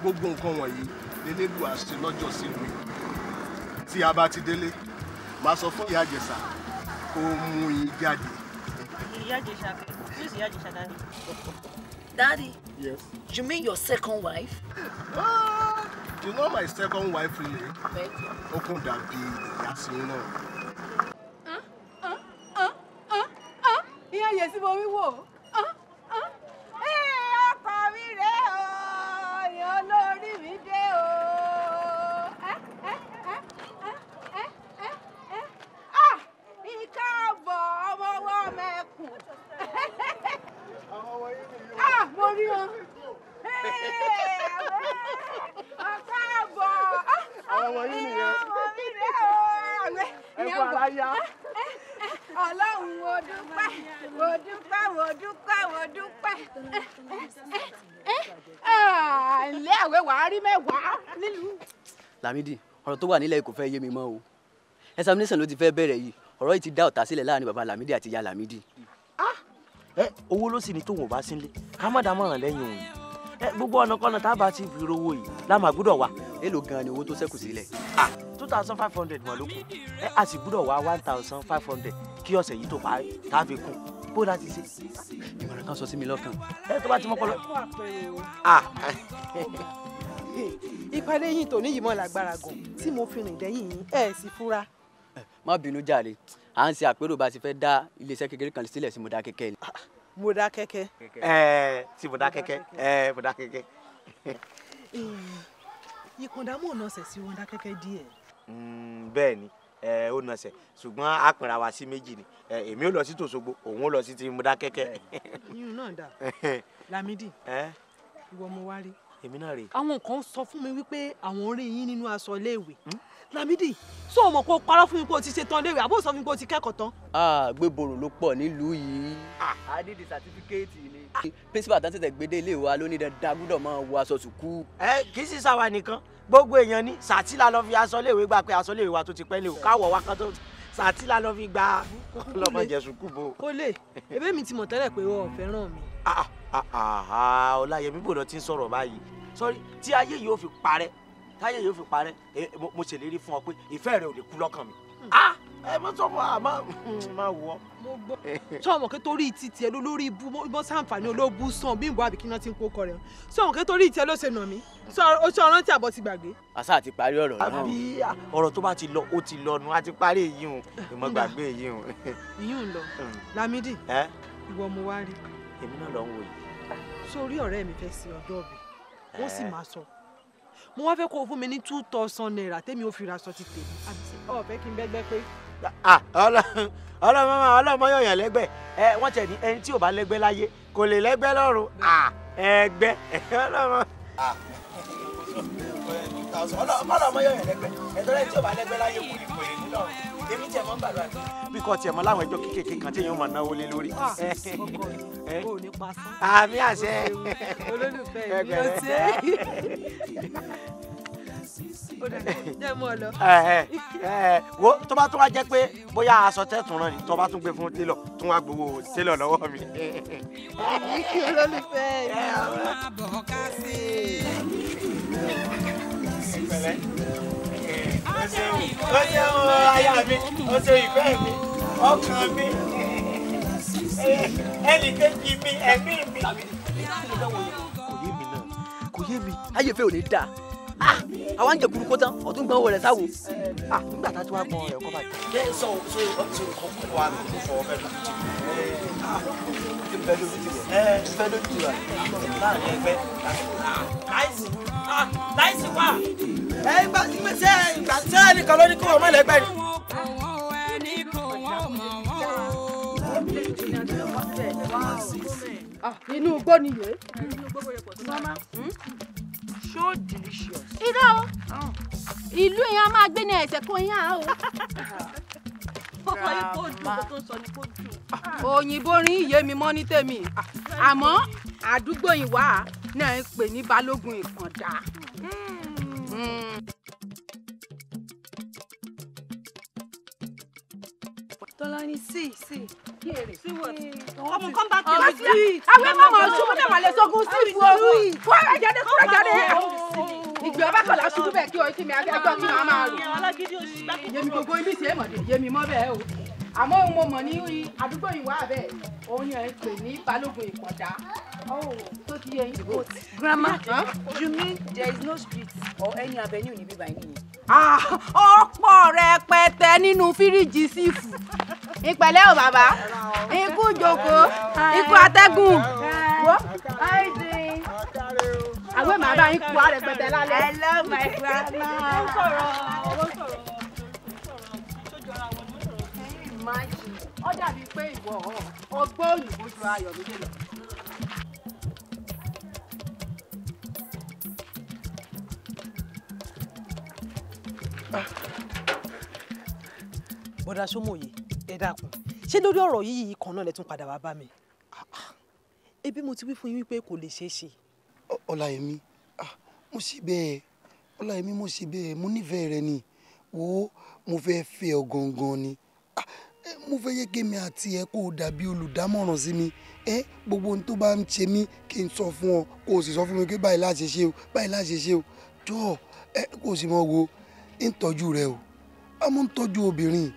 gbogbo nǹkan wọ̀nyí elédùà ṣe lọ́jọ́ sílùú yìí tí a bá ti délé màá sọ fún ìyá àjẹsà kó mú yín jáde. ìyá àjẹsà who is ìyá àjẹsà dání. Daddy? Yes. You mean your second wife? Ah! You know my second wife, really? Thank you. How could that be? Yes, you know. Uh, uh, uh, uh, uh. Yeah, yes, but we will. ọmọ yìí nìyẹn. ọmọ mi rẹ̀ ọlọ́run wo dúpẹ́ wo dúpẹ́ wo dúpẹ́ wo dúpẹ́. ilé àwẹ̀ wàá rí mẹ́wàá nílùú. Lámídì ọ̀rọ̀ tó wà nílẹ̀ kò fẹ́ yé mi mọ́ o examination ló ti fẹ́ bẹ̀rẹ̀ yìí ọ̀rọ̀ yìí ti dá ọ̀tá sílẹ̀ láàrin baba Lámídì àti ìyá Lámídì. Ah! owó ló sì ní tóun ò bá sílé ká má dá mọ̀ràn lẹ́yìn òun gbogbo ọ̀nà kọ́nà tá a bá ti fi rówó yìí la máa gbọ́dọ̀ wà. èló gan ni owó tó ṣẹ́kù sílẹ̀. two thousand five hundred mọ̀ ló kù ẹ a sì gbọ́dọ̀ wá one thousand five hundred kí ọ̀sẹ̀ yìí tó parí tá a fi kún bó la ti ṣe. ìmọ̀ràn kan sọ sí mi lọ́kàn. ẹ tó bá ti mọ́ pọlọ. ìpàdé yìí tòní yìí mọ́ lágbára gan tí mo fi rìn lẹ́yìn yín ẹ̀ sì fura. má bínú jàre à ń ṣe àpérò bá a ti fẹ́ dá iléeṣẹ́ kékeré kan sílẹ̀ sí mo dá kékeré ah, Mọdákẹ́kẹ́. ẹ eh, ti Mọdákẹ́kẹ́ ẹ Mọdákẹ́kẹ́. ìkùndàmú ò nọsẹ̀ sí Mọdákẹ́kẹ́ díẹ̀. bẹ́ẹ̀ ni ó nọsẹ̀ ṣùgbọ́n a pínra wa sí méjì ni eh, èmi ò lọ sí tòṣogbo òun ò lọ sí ti Mọdákẹ́kẹ́. yíyún náà dà Lámídì ìwọ mo wá rí. èmi náà rè. àwọn kan sọ fún mi wípé àwọn orí yín nínú aṣọ iléèwé. Hmm? Lamidi so sọ ọmọ kó parọ́ fún mi kó o ti ṣetán léèrè àbó sọ fún mi kó o ti kẹ́kọ̀ọ́ tán. àgbébòrò ló pọ̀ nílùú yìí. a ní di sàtífíkẹ́ẹ̀tì ni. Ah, principal tán tètè gbédè ilé wa lóní dandan gbúdọ̀ máa wọ aṣọ sùkú. ẹ kì í sì sáwa nìkan gbogbo èèyàn ni sàtìlà lọ fi aṣọ léèwé gbà pé aṣọ léèwé wa tó ti pẹ́ lé o káwọ̀ wa kan tó sàtìlà lọ fi gba. lọmọ jẹ sùkú bo. kó lè ebí mi ti mọ̀ tẹ́lẹ̀ pé wọn ò fẹ́ràn mi. Ah, ah, ọláyẹmí bòdàn ti ń sọ̀rọ̀ báyìí sọ́rí tí ayé yìí ó fi parẹ́ táyé yóò fi parẹ́ mo ṣèlérí fún ọ pé ìfẹ́ rẹ ò lè kú lọ́kàn mi. Hmm. Ah! ẹ mọ sọ fún àmọ́ hmm, má wọ. sọ wọn kí torí títí ẹ lórí ibú mọ sàǹfààní olóòbù sàn bí ìbò àbíkí náà ti ń kó kọ rẹ sọ wọn kí torí ìtí ló ṣe nà mí ó ṣe ọ̀rántí àbọ̀ ti gbàgbé. àṣà àti parí ọ̀rọ̀ náà. àbí ọ̀rọ̀ tó bá ti lọ ó ti lọ nu àti parí èyí ìmọ̀ gbàgbé èyí ìyún lọ hmm. Lámídì ìwọ mo wá rí. èmi náà lọ ń wò yìí. sórí ọ̀rẹ́ mi fẹ́ sí ọjọ́ ọ̀bì ó sì máa sọ mo wá fẹ́ kó o fún mi ní two thousand naira tèmi ò fi ra aṣọ ti tèmi ọ fẹ́ kí n bẹ́gbẹ́ pé. ọlọmọ ọlọmọ yọyàn lẹ́gbẹ́ ẹ wọ́n tẹ ní ẹni tí ò bá lẹ́gbẹ́ láyé kò lè lẹ́gbẹ́ lọ́run ẹgbẹ́ ọlọmọ. ọlọmọ yọyàn lẹ́gbẹ́ ẹ̀tọ́ lẹ́ni tí ò bá lẹ́gbẹ́ láyé kò lè lọ́run èmi tiẹ̀ mọ́ bàbá mi. bí kò tiẹ̀ mọ́ láwọn ẹjọ́ kéékèèké kan tí èèyàn máa náwó lé lórí. àmì àṣẹ. olólùfẹ́ mi ló ṣe é. wo tó bá tún wá jẹ́ pé bóyá aṣọ tẹ́tùn rán ni tó bá tún gbé fún télọ̀ tún wá gbowó télọ̀ lọ́wọ́ mi. olólùfẹ́ ó ṣeun ó ṣeun aya mi ó ṣe ìfẹ́ mi ọkàn mi ẹnì kejì mi ẹ̀mí mi. kò yé mi náà kò yé mi ayé fẹ́ ò ní dáa. àwa ń jẹ kúrú kó tán ọ̀tún gbọ́n wọlé sáwò nígbà tá a ti wá gbọ́n ẹ̀kọ́ báyìí. ṣé sọ so ọtí kọkọ wa ló fọ ọfẹ lójú ti ẹ fẹ lójú ti ẹ fẹ lójú ti wa láàrin ẹgbẹ́. láìsí láìsí wa ẹ gbà sẹ ìgbà sẹ ẹnìkan ló ní kí wọn mọ ẹlẹgbẹ ni. Ah, inú igbó nìyẹn. inú igbó bó yẹ pọ̀ sí so delicious. irọ́ o oh. ìlú yẹn a máa gbé ní ẹ̀sẹ̀ kó yán o. kókó yìí kó dùn kó tó sọ ni kó dùn. Ah. òyìnbó rin iye mi mọ́ ní tèmi ah. àmọ́ àdúgbò yìí wà náà ń pè ní balógun ìkàndá. Hmm. Hmm. Tolani, see, see. Here, see what? Come on, come back here. Let's see. I will mama ṣubú na male sogun si fu o. Ko ra jade, ko ra jade. Igbe ba ko la ṣubú be ki o ki mi agbe ko mi ma ma ro. Yemi gogo ibi se mo de, yemi mo be o àmọ́ òun mo mọ̀ ní àdúgbò ìwà abẹ́ òun yẹn ń pè ní balógun ìkọ̀dá oh, tó ti yẹ yín grandma you mean there is no street or any avenue níbí báyìí nìyẹn. Ah, ọ̀pọ̀ rẹpẹtẹ nínú fíríjì sífù ìpẹ̀lẹ́ o bàbá ikú jókòó ikú atẹ́gùn wọ́ àwẹ̀ màá bá yín kú àrẹ̀pẹ̀tẹ̀ lálẹ́. hello my grandma máa ń ṣe ó dàbí pé ìwọ ọgbọ́n òyìnbó ju ayọ̀ mi lè lọ. bọ́dà sómòye ẹ dákun ṣé lórí ọ̀rọ̀ yìí kan náà lẹ tún padà wá bá mi ebi mo ti wí fún yín wípé kò lè ṣeé ṣe. ọláyẹmí mo sì bẹ́ẹ̀ ọláyẹmí mo sì bẹ́ẹ̀ mo nífẹ̀ẹ́ rẹ ni wo mo fẹ́ fẹ́ ọ gangan ni mo fẹ́ yẹ kémi àti ẹ kó o dàbí olùdámọ̀ràn sí mi ẹ gbogbo ohun tó bá ń ṣe mí kí n sọ fún ọ kó o sì sọ fún mi pé báyìí láṣẹ ṣe o báyìí láṣẹ ṣe o jọ ẹ kó o sì mọ wo ń tọ́jú rẹ o àmọ́ ń tọ́jú obìnrin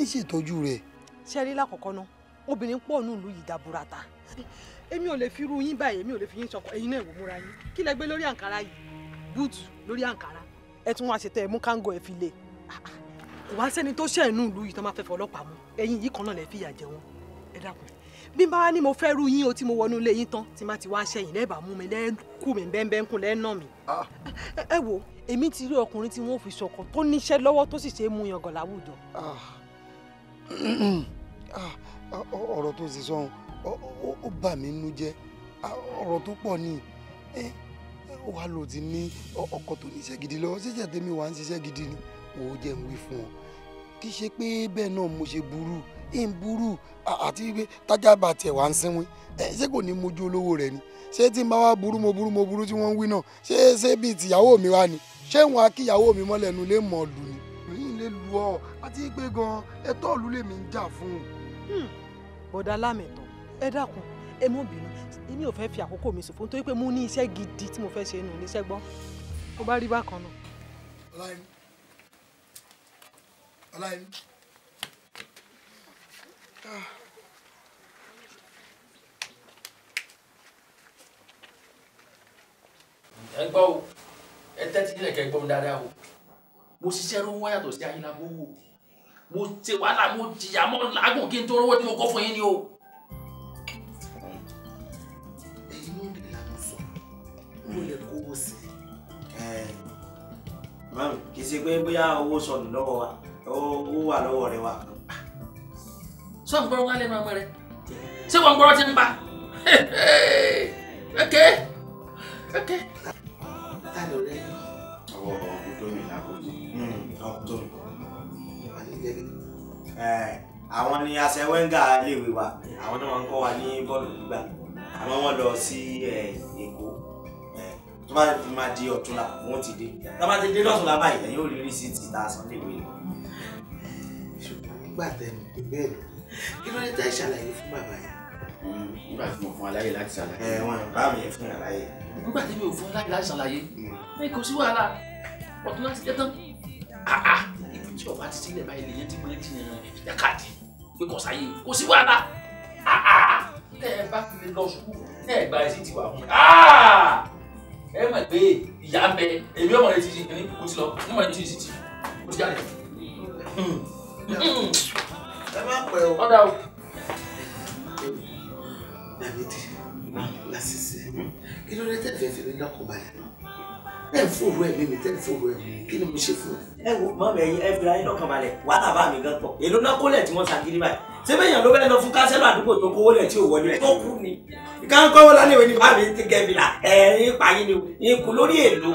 ń ṣètọ́jú rẹ. ṣe rí lákọ̀ọ́kọ́ náà obìnrin pọ̀ ní ìlú yìí dàbúrata èmi ò lè fi irú yín báyìí èmi ò lè fi yín sọkọ ẹ̀yin náà ìwò múra yín kí lẹ lórí àǹkárá yìí búùtù lórí àǹkárá ẹ tún wá ṣètò ẹ̀mú káńgò ẹ̀ fi lè wá sẹ́ni tó ṣẹ̀ inú ìlú yìí tó máa fẹ́ fọlọ́pàá mú ẹ̀yin yìí kan náà lè fìyà jẹ wọn ẹ dákun bí n bá wá ní mo fẹ́ rú yín o tí mo wọnú ilé yín tán tí má ti wá ṣẹ̀yìn lẹ́ẹ̀bà mú mi lẹ́ẹ̀kú mi bẹ́ẹ̀bẹ́ẹ̀ kún lẹ́ẹ̀nà mi. Ah. ẹ wo èmi ti rí ọkùnrin tí wọn ò fi ṣọkọ tó níṣẹ́ lọ́wọ́ tó sì ṣe é mú yangàn láwùjọ. Ah. Ah, ọ̀rọ̀ tó sì sọ ó bà mí nú jẹ́ ọ̀rọ̀ tó pọ̀ ni eh, wàá lò ti ní ọkọ tó níṣẹ́ gidi lọ́wọ́ ṣíṣẹ́ tèmi wà ń ṣiṣẹ́ gidi ni wo jẹ́ ń wí fún ọ kì í ṣe pé bẹ́ẹ̀ náà mo ṣe burú ń burú àti pé tájà bá tiẹ̀ wá ń sínwín ẹ ṣé kò ní mojú olówó rẹ ni ṣé tí n bá wá burú mo burú mo burú tí wọ́n ń wí náà ṣé ṣé bíi tìyàwó mi wá ni ṣé wọn á kíyàwó mi mọ́lẹ̀ nu lè mọ̀ lù ni. èyí lè lu ọ àti pé gan ẹ̀tọ́ ìlú lèmi ń jà fún. Hmm. bọ̀dá lámẹ̀tọ̀ ẹ dákun ẹ mọ̀ èmi ò fẹ́ fi àkókò mi ṣòfò nítorí pé mo ní iṣẹ́ gidi tí mo fẹ́ ṣe nù níṣẹ́ gbọ́n tó bá rí bákan náà. Ọláyẹmí. ẹ gbọ́ o ẹ tẹ́tí nílẹ̀ kẹ́ gbọ́ mi dáadáa o mo ṣiṣẹ́ ló ń wá yàtọ̀ sí ayélujára owó mo ṣe wàhálà mo jìyà mọ́ làágùn kí n tó rówó tí mo kọ́ fún yín ni o. èyí ló lè lànà sọ ló lè kówó sí i. mami kì í ṣe pé bóyá owó sọnù lọ́wọ́ wa ó wà lọ́wọ́ rẹ wa. sọ ń wá lẹ́nu ọmọ ṣé wọ́n ń ti ń pa ok ok. ọwọ́ ọkùnrin tó mi là kò ní. Hmm, ọkùnrin tó mi. àwọn ni aṣẹ wẹ́ngà iléèwé wa àwọn náà ń kọ́ wa ní bọ́ọ̀lù gbígbà àwọn wọn lọ sí Èkó tó bá ti máa di ọ̀túnla wọn ti dé tó bá ti dé lọ́túnla báyìí ẹ̀yin ò rí rí sí ti ta Sunday wẹ̀ nígbà tẹ̀mí pé bẹ́ẹ̀ ló kí ló dé tẹ́ ìṣàlàyé fún bàbá yẹn. nígbà tí mo fún aláyè láti ṣàlàyé. ẹ wọn bá mi yẹn fún aláyè. nígbà tí mi ò fún aláyè láti ṣàlàyé ẹ hmm. kò sí wàhálà ọ̀tún láti jẹ́ tán. ibi tí ọba ti sílẹ̀ báyìí lèyẹn ti mọ́lẹ́ ti yàn yàkàdì pé kọ̀sáyé kò sí wàhálà tẹ́ ẹ bá fi lè lọ sùkúù tẹ́ ẹ gba ẹsìn ti wà fún mi. ẹ mọ̀ pé ìyá ń bẹ èmi ọmọ rẹ ti di ẹni kò ti lọ ọmọ rẹ ẹ má pẹ́ o. ọ̀dà o. Dàbídì lásìsẹ́ kí ló dé tẹ̀fẹ́ fi mí lọ́kùnbalẹ̀ ẹ ń fòrò ẹ̀mí mi tẹ́ ń fòrò ẹ̀mí kí ni mo ṣe fún ẹ. ẹ wo mọ́mọ́ ẹ̀yin ẹ fira yín lọ́kànbalẹ̀ wàhálà bá mi gan pọ̀ èló náà kólẹ̀ tí wọ́n ṣàgírí báyìí sẹ́fẹ̀yàn ló bẹ́ẹ̀ lọ fún kánsẹ́lọ̀ àdúgbò tó kówó lẹ̀ tí ò wọlé tó kú ni káńkọ́wọ́ lálẹ́ òní bá mi ti gẹ̀ bìlà ẹ̀rín pààyè ni n kú lórí èlò.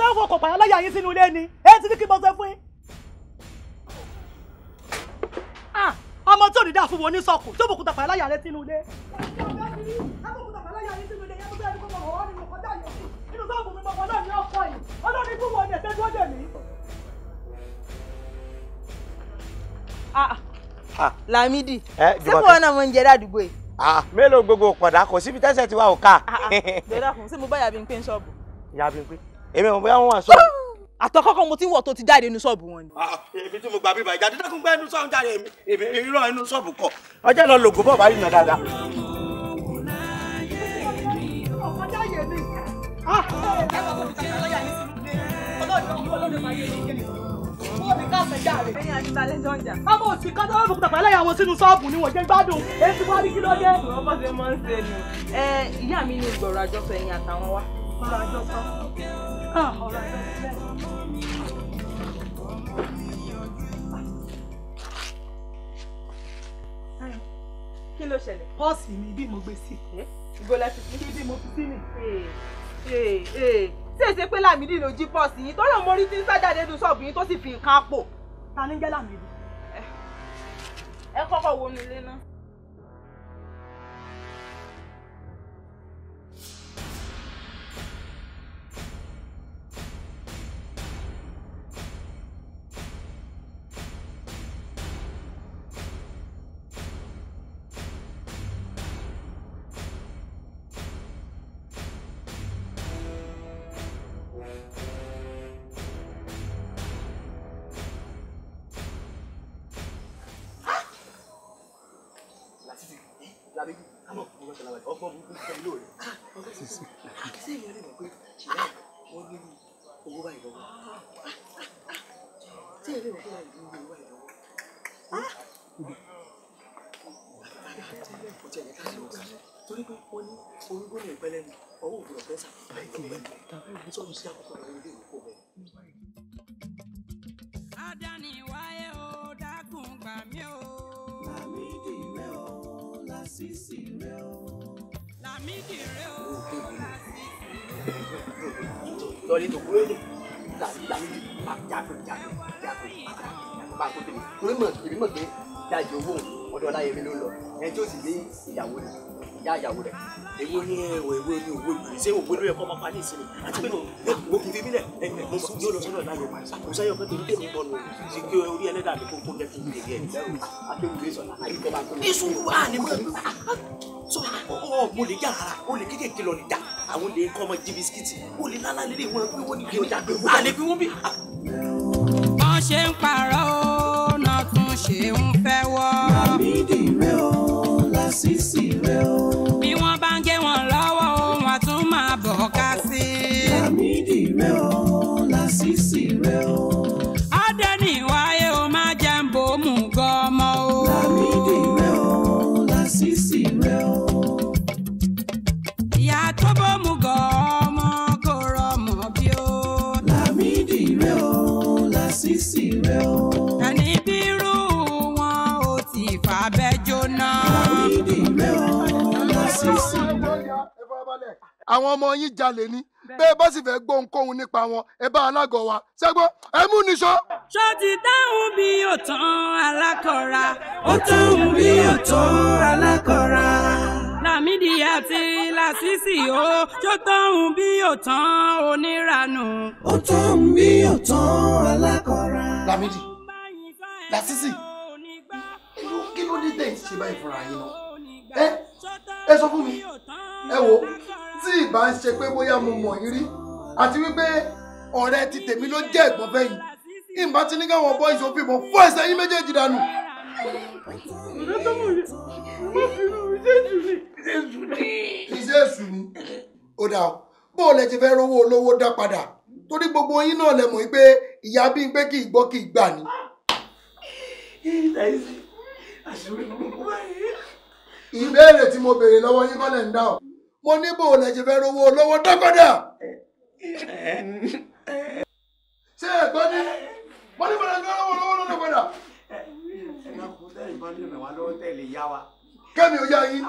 bá ń fọkàn pààyàn lọ́yà yín sínú ilé ni ẹ ti ní kí mo sọ fún yín. Ah, ọmọ tí ò ní dà fún wọn ní sọkùn tí òbòkúta pààyàn lọ́yà rẹ sínú ilé. Ah, ah. Lámídì eh, ṣé wọn náà mọ oúnjẹ ládùúgbò yìí. mélòó gbogbo pọ̀dà kò síbi tẹ́sẹ̀ tí wà ó kà. bẹ́ẹ̀ dàkún sí mo bá yàbí ń pè ṣọ́ọ̀bù. yàbí ń pè èmi ò mọ̀ bóyá wọ́n wà sọ. àtọkọ́kọ́ mo ti wọ̀ tó ti jáde inú ṣọ́ọ̀bù wọn ni. Ah, èmi tí mo gbà bíbá ìjà dídá kún gbá inú ṣọ́ọ̀bù jáde èmi irọ́ inú ṣọ́ọ̀bù kọ̀ ọjà lọ lògùn bọ́ọ̀ bá rìnà dáadáa. ẹyin àti balẹ̀ jọ ń jà. ọmọ òsì kan tó wọ́n fi kúta pàlẹ́ ìyàwó sínú ṣọ́ọ̀bù ni wọ́n jẹ́ gbádùn èsì wá ní kí ló dé. ọmọ ṣe máa ń ṣe nù. ẹ ìyá mi ní ìgbọ̀rọ̀ àjọṣọ ẹ̀yìn àtàwọn wa. ìgbọ̀rọ̀ àjọṣọ ọ̀rọ̀ ẹ̀ bẹ́ẹ̀. ló ṣẹlẹ̀. pọ́ọ̀sì mi bí mo gbé sí. ìgbọ́lá ti fi bí mo fi sí mi. ṣé èsè pé Lámìdí ló jí pọ́ọ̀sì yìí tọ́lọ̀ mo rí tí ń sájáde nu ṣọ́ọ̀bù yìí tó sì fi nǹkan pò. ta ni jẹ́ Lámìdí. ẹ kọ́kọ́ wo nílé náà. lọ́ọ̀lì tó kúrò ní ìtàkùn jagun jagun jagun pàtó tèmi torí mọ̀ èmi mọ̀ pé dájú owó ọ̀dọ̀ ọláyẹmí ló lọ ẹni tí sì ní ìyàwó rẹ̀ ìyá ìyàwó rẹ̀. èwo ni ẹwọ èwo ni owó ìlú ṣé òwe ló yẹ kó máa pa ní ìsinmi àti pé mo kì í fi mílẹ̀ mo sùn yóò lọ sọ́dọ̀ láyọ̀ mo sáyọ̀ pé torí tèmi bọ̀ nù sí kí orí ẹlẹ́dàá mi kó kó jẹ́ mo lè yàrá o lè kékèké lọ nìjà àwọn lè kọ́ ọmọ jí bisikíìtì o lè lálá lélẹ̀ wọn pé wọ́n níbi ọjà a lè fi wọ́n bí. wọ́n ṣe ń pààrọ̀ ó tún ṣe ń fẹ́ wọ́. làmídìí rẹ o lásìsì rẹ o. bí wọ́n bá ń gé àwọn ọmọ yín jalè ni bẹ́ ẹ bá sì fẹ́ gbọ́ ohunkóhun nípa wọn ẹ bá alágọ̀ wa ṣẹ́gbọ́n ẹ mú níṣọ́. ṣó ti dáhùn bí ó tán alákọ̀ọ́ra. ó dáhùn bí ó tán alákọ̀ọ́ra. Lámídì àti Lásìsì ó jó tóhun bí ó tán oníranù. ó tóhun bí ó tán alákọ̀ọ́ra. Lámídì Lásìsì kí ló dé tẹ̀ ṣe báyìí fúnra yín náà ẹ ẹ sọ fún mi ẹ wò tí ìbá ń ṣe pé bóyá mo mọ̀ yín rí àti wípé ọ̀rẹ́ ti tèmi ló jẹ́ ẹ̀gbọ́n fẹ́yìn ìbá ti ní káwọn bọ́ ìṣó fìbọn fọ́ ẹsẹ̀ yín méjèèjì dànù. ọ̀rẹ́ tó mọ̀ yẹn mo fi rú ìṣèṣù ni. ìṣèṣù ni. ìṣèṣù ni. ó dà ó bó o lè ti fẹ́ rówó olówó dá padà torí gbogbo yín náà lè mọ̀ pé ìyá bí pé kì í gbọ́ kì í gbà ni. ìbéèrè tí mo béèrè lọ́wọ́ yín kọ́ lẹ̀ ń dá ọ̀ mo ní bò lẹ́jẹ̀ fẹ́ rówó lọ́wọ́ dọ́kọ́dà. ṣé ẹ̀gbọ́n ní mo ní bọ̀dọ̀ fẹ́ rówó lọ́wọ́ dọ́kọ́dà. ẹ̀rọ kò tẹ̀lé bọ́dún mi wá lọ́wọ́ tẹ̀lé yá wa. kẹ́mi ò yá yín.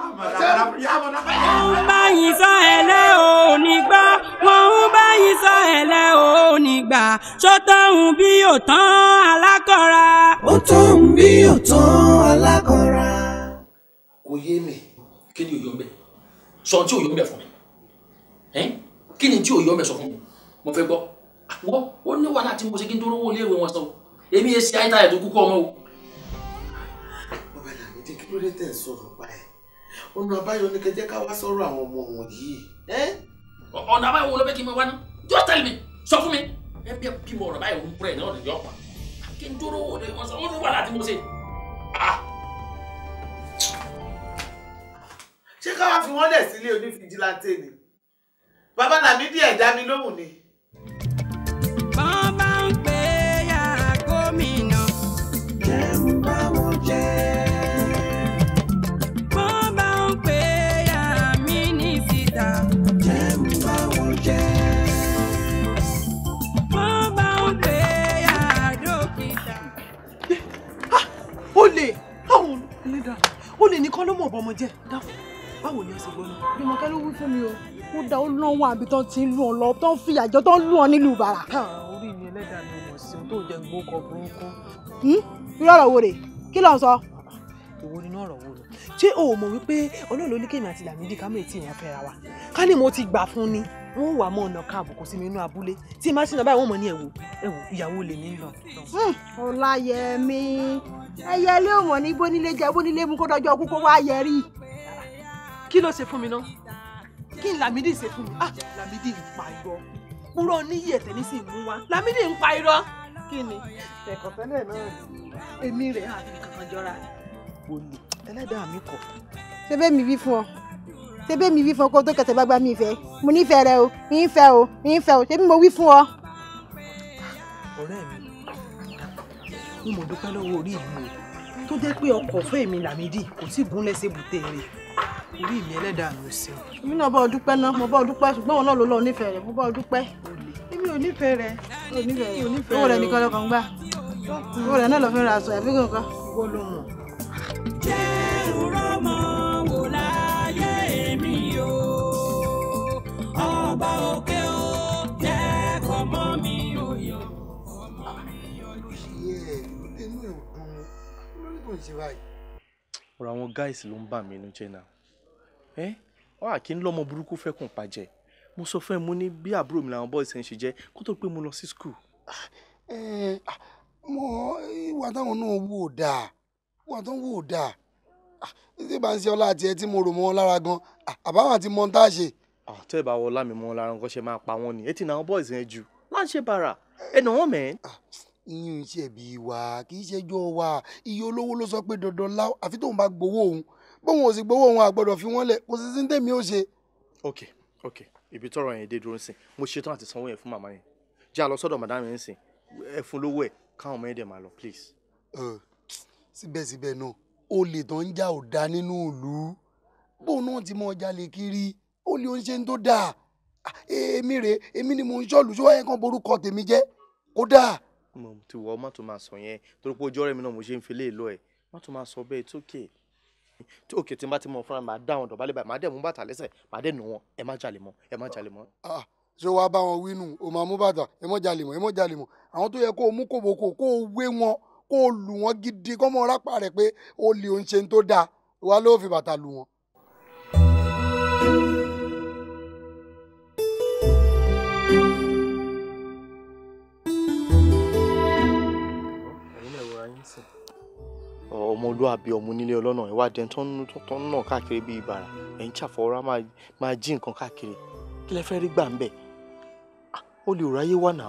wọ́n bá yín sọ ẹ̀lẹ́ òní gbà wọ́n bá yín sọ ẹ̀lẹ́ òní gbà ṣótóhun bí ò tán alákọ̀ọ́ra. ó tóhun bí ò tán alákọ̀ọ́ra. kò yé mi kí ni òyìnbó sọ tí ò yọ mẹ́ fún mi kí ni tí ò yọ mẹ́ sọ fún mi mo fẹ́ gbọ́ àwọ̀ ó ní wàhálà tí mo ṣe kí n tó rówó iléèwé wọn sọ èmi yẹn ṣe àìtá ẹ̀dùn kúkọ́ ọmọ o. ọ̀rẹ́ làmì dé kí ló dé tẹ̀ ń sọ̀rọ̀ pa ẹ̀ ọ̀nà àbáyọ ni kẹjẹ́ ká wá sọ̀rọ̀ àwọn ọmọ wọn yìí. ọ̀nà àbáyọ wo ló fẹ́ kí n máa wá ná just tell me sọ fún mi ẹ bí bí mo rọ̀ báyìí òun púrẹ̀ náà lè yọ̀ pa kí n tó rówó iléèwé wọn sọ ó ní wàhálà tí mo ṣe. Ah! ṣé ká wá fi wọ́n lẹ̀ sílé onífìjìláńtẹ̀ ni bàbá Lámídì ẹ̀dá mi lóhùn ni. bọ́n bá ń pè é gómìnà. jẹ́ ń bá wọn jẹ́. Ah, olè àwọn olè ló mọ̀ ọ̀bọ̀mọ̀ jẹ́ dáfún báwo ni ó ṣe gbọ́nà. jùmọ̀kẹ́ ló wí fún mi o kó da ó lọ́wọ́ àbí tán ti ń lù ọ́ lọ tán fi àjọ tán lù ọ́ nílùú bàrà. orí mi ẹlẹ́dàá mi mọ̀ sí ohun tó jẹ́ gbókọ̀ burúkú. Hmm? irú ọ̀rọ̀ wo rè kí ló ń sọ. èwo nínú ọ̀rọ̀ wo rè ṣé o ò mọ̀ wípé ọlọ́run oníkèmí àti làmídì ká ètí ìyẹn fẹ́ra wa ká ní mo ti gbà fún ni wọn wà mọ ọ̀nà kan àbùkù sí inú abúlé tí n bá sì báyìí wọn mọ ní ẹ̀wò ẹ̀wò ìyàwó lè ní lọ. Hmm, ọ̀la yẹ mi ẹyẹ ilé òmò ní bónílé jẹ bónílé mú kó dọjọ́ kú wá yẹ rí kí ló ṣe fún mi náà kí ni Lámídì ṣe fún mi ah Lámídì ń pa irọ́ púrọ́ níyì ẹ̀tẹ̀ ní sì mú wa Lámídì ń pa irọ́ kí ni ẹ̀kọ́tẹ́lẹ̀ náà èmi rẹ̀ àfi kankan jọra olè ẹlẹ́dàá mi kọ̀. ṣé bẹ́ẹ̀ mi wí fún ọ ṣé bẹ́ẹ̀ mi wí fún ọ kó tó kẹsẹ̀ bá gbá mi ìfẹ́ mo nífẹ̀ẹ́ rẹ o mi ń fẹ́ o mi ń fẹ́ o ṣé bí mo wí fún ọ. ọ̀rẹ́ mi ni mo dúpẹ́ lọ́wọ́ orí mi o tó jẹ́ pé ọkọ̀ fún èmi Lámídì kò sí gúnlẹ̀ sí bùtẹ́ rẹ̀ orí mi ẹlẹ́dàá sí. èmi náà bá ọ dúpẹ́ náà mo bá ọ dúpẹ́ ṣùgbọ́n òun náà ló lọ nífẹ̀ẹ́ rẹ̀ mo bá ọ dúpẹ́. èmi ò nífẹ̀ẹ́ rẹ̀ ò nífẹ̀ẹ́ rẹ̀ owó rẹ̀ nìkan lọ́kàn gbà owó rẹ̀ náà lọ fi ra aṣọ àbí kankan wọ́n ló mọ̀. jẹ́ ìrọ́mọ wò láyé èmi o ọba òkè o jẹ́ kọ́mọ mi òyò ọmọ mi olùṣèyẹ ẹ̀mí ò dùn lórí ọ̀rọ̀ àwọn guys ló ń bà mí inú jẹ́ náà ẹ́ wà kí n lọ́mọ burúkú fẹ́ kàn pàjẹ́ mo sọ fún ẹ mo ní bí àbúrò mi làwọn boys ń ṣe jẹ́ kó tó pé mo lọ sí school. Ah, ah, mo ìwà táwọn náà wò dáa ìwà tó ń wò dáa ah, tí bá ń ṣe ọlá àti ẹ tí mo rò mọ́ wọn lára gan àbáwọn àti mọ́ ń tá a ṣe. àtọ́ ẹ̀ bá wọ ọlá mi mọ́ wọn lára nǹkan ṣe máa pa wọ́n ni etí làwọn boys yẹn jù láǹṣẹ bàrà ẹnà wọn mẹ́ẹ́ iyún iṣẹ́ bí wa kì í ṣẹjọ́ wa iye olówó ló sọ pé dandan láwọn àfi tóun bá gbowó òun bóun ò sì gbowó òun àgbọ̀dọ̀ fi wọ́n lẹ̀ kò sì sí tèmi ó ṣe. ok ok ibi tọrọ yẹn dé dúró nsìn mo ṣetán àti sanwó yẹn fún màmá yẹn jẹ́ àlọ́ sọ́dọ̀ màdá yẹn nsìn ẹ fún lówó ẹ̀ káwọn ọmọ yẹn dẹ̀ máa lọ please. síbẹ̀síbẹ̀ náà olè tán ń jà ò dá nínú ìlú bóun náà ti mọ ọjà lè kiri ó lè oúnjẹ tó dáa e, èmi rè èmi ni mò ń ṣọ́ọ̀lù ṣọ́ ẹ̀kan borúkọ tèmi jẹ́ kó dáa. mo ti wọ ọ má tó máa sọ yẹn torí pé ojú ọ̀rẹ́ mi náà mo ṣe ń fi lé ẹ má tó máa sọ bẹ́ẹ̀ tókè tí òkè tí n bá ti mọ fúnra máa dáhùn dọ̀bálẹ̀ báyìí máa dẹ̀ mú bàtà lẹ́sẹ̀ máa dẹ̀ nù wọn ẹ má jalè mọ́ ẹ má jalè mọ́. Ah, ah, ṣé wàá bá wọn wí o máa mú bàtà ẹ má jalè mọ́ ẹ má jalè mọ́ àwọn tó yẹ kó o mú kòbókò kó o wé wọn kó o lù wọn gidi kọ́mọ rápá rẹ̀ pé o lè o ń ṣe tó dáa wàá ló fi bàtà lù wọn. ọmọlúàbí ọmọ onílé ọlọ́nà ẹ̀ wá dẹ́n tó ń nà káàkiri bíi ìbàrà ẹ̀ ń ṣàfọwọ́rá máa jí nǹkan káàkiri kí lẹ fẹ́ rí gbà ń bẹ̀ ó lè ráyé wà náà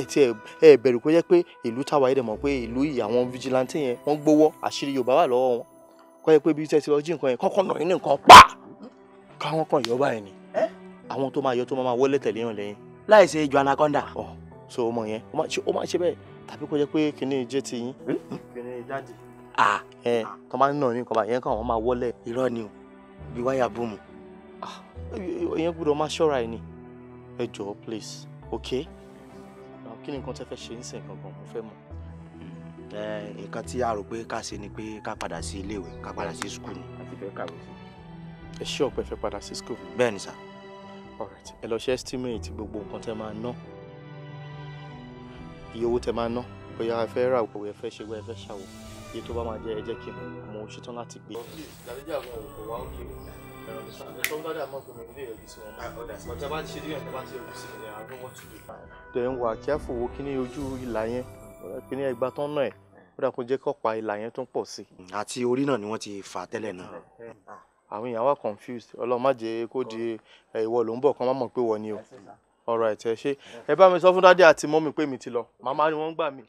ẹ ti ẹ bẹ̀rù kó jẹ́ pé ìlú táwa yìí dẹ̀ mọ̀ pé ìlú yìí àwọn fijilantí yẹn wọ́n gbowó àṣírí Yorùbá wà lọ́wọ́ wọn kọ́ yẹ pé bí tẹ́ ti lọ jí nǹkan yẹn kọ́kọ́ nà yín nǹkan pa káwọn kan yọ báyìí ni àwọn tó máa yọ tó máa wọlé tẹ̀lé yàn lẹ́yìn. láì ṣe ìjọ anaconda. ọ so ọmọ tàbí kó jẹ́ pé kinní jẹ́ ti yín. kinní dáàdì. à ẹ tọ́ máa ń nà ní nǹkan báyìí yẹn kàn wọ́n máa wọlé irọ́ ni o bí wáyà búùmù ìyẹn gbọ́dọ̀ máa ṣọ́ra ẹ̀ ni ẹ jọ̀ọ́ please ok? kí ni nǹkan tẹ́ fẹ́ ṣe ń sìn gangan mo fẹ́ mọ̀. nǹkan tí a rò pé ká ṣe ni pé ká padà sí iléèwé ká padà sí skul ni. àti fẹ́ kàwé sí. ẹ ṣé ọ̀pẹ fẹ́ padà sí skul. bẹ́ẹ̀ ni sà. all right ẹ lọ ṣe estimate gbogbo nǹkan tẹ́ máa ná. No iye owó tẹ máa ná bóyá ẹ fẹ́ ra òkòwò ẹ fẹ́ ṣe wẹ́ ẹ fẹ́ ṣàwọ̀ iye tó bá máa jẹ ẹ jẹ́ kí n mọ̀ mo ṣetán láti gbé. dẹ̀ ń wà kí á fòwò kí ní ojú ìlà yẹn kí ní ẹgbàá tán náà ẹ̀ ó dà kó jẹ́ kó pa ìlà yẹn tó ń pọ̀ sí. Mm, àti orí náà ni wọ́n ti fà tẹ́lẹ̀ náà. àwọn èèyàn wá confused ọlọ́run má jẹ́ kó di ìwọ ló ń bọ̀ kán má mọ̀ pé wọ ni o all right ẹ ṣé ẹ bá mi sọ fún dádì àti mọ́mì pé mi ti lọ màmá ni wọ́n ń gbà mí.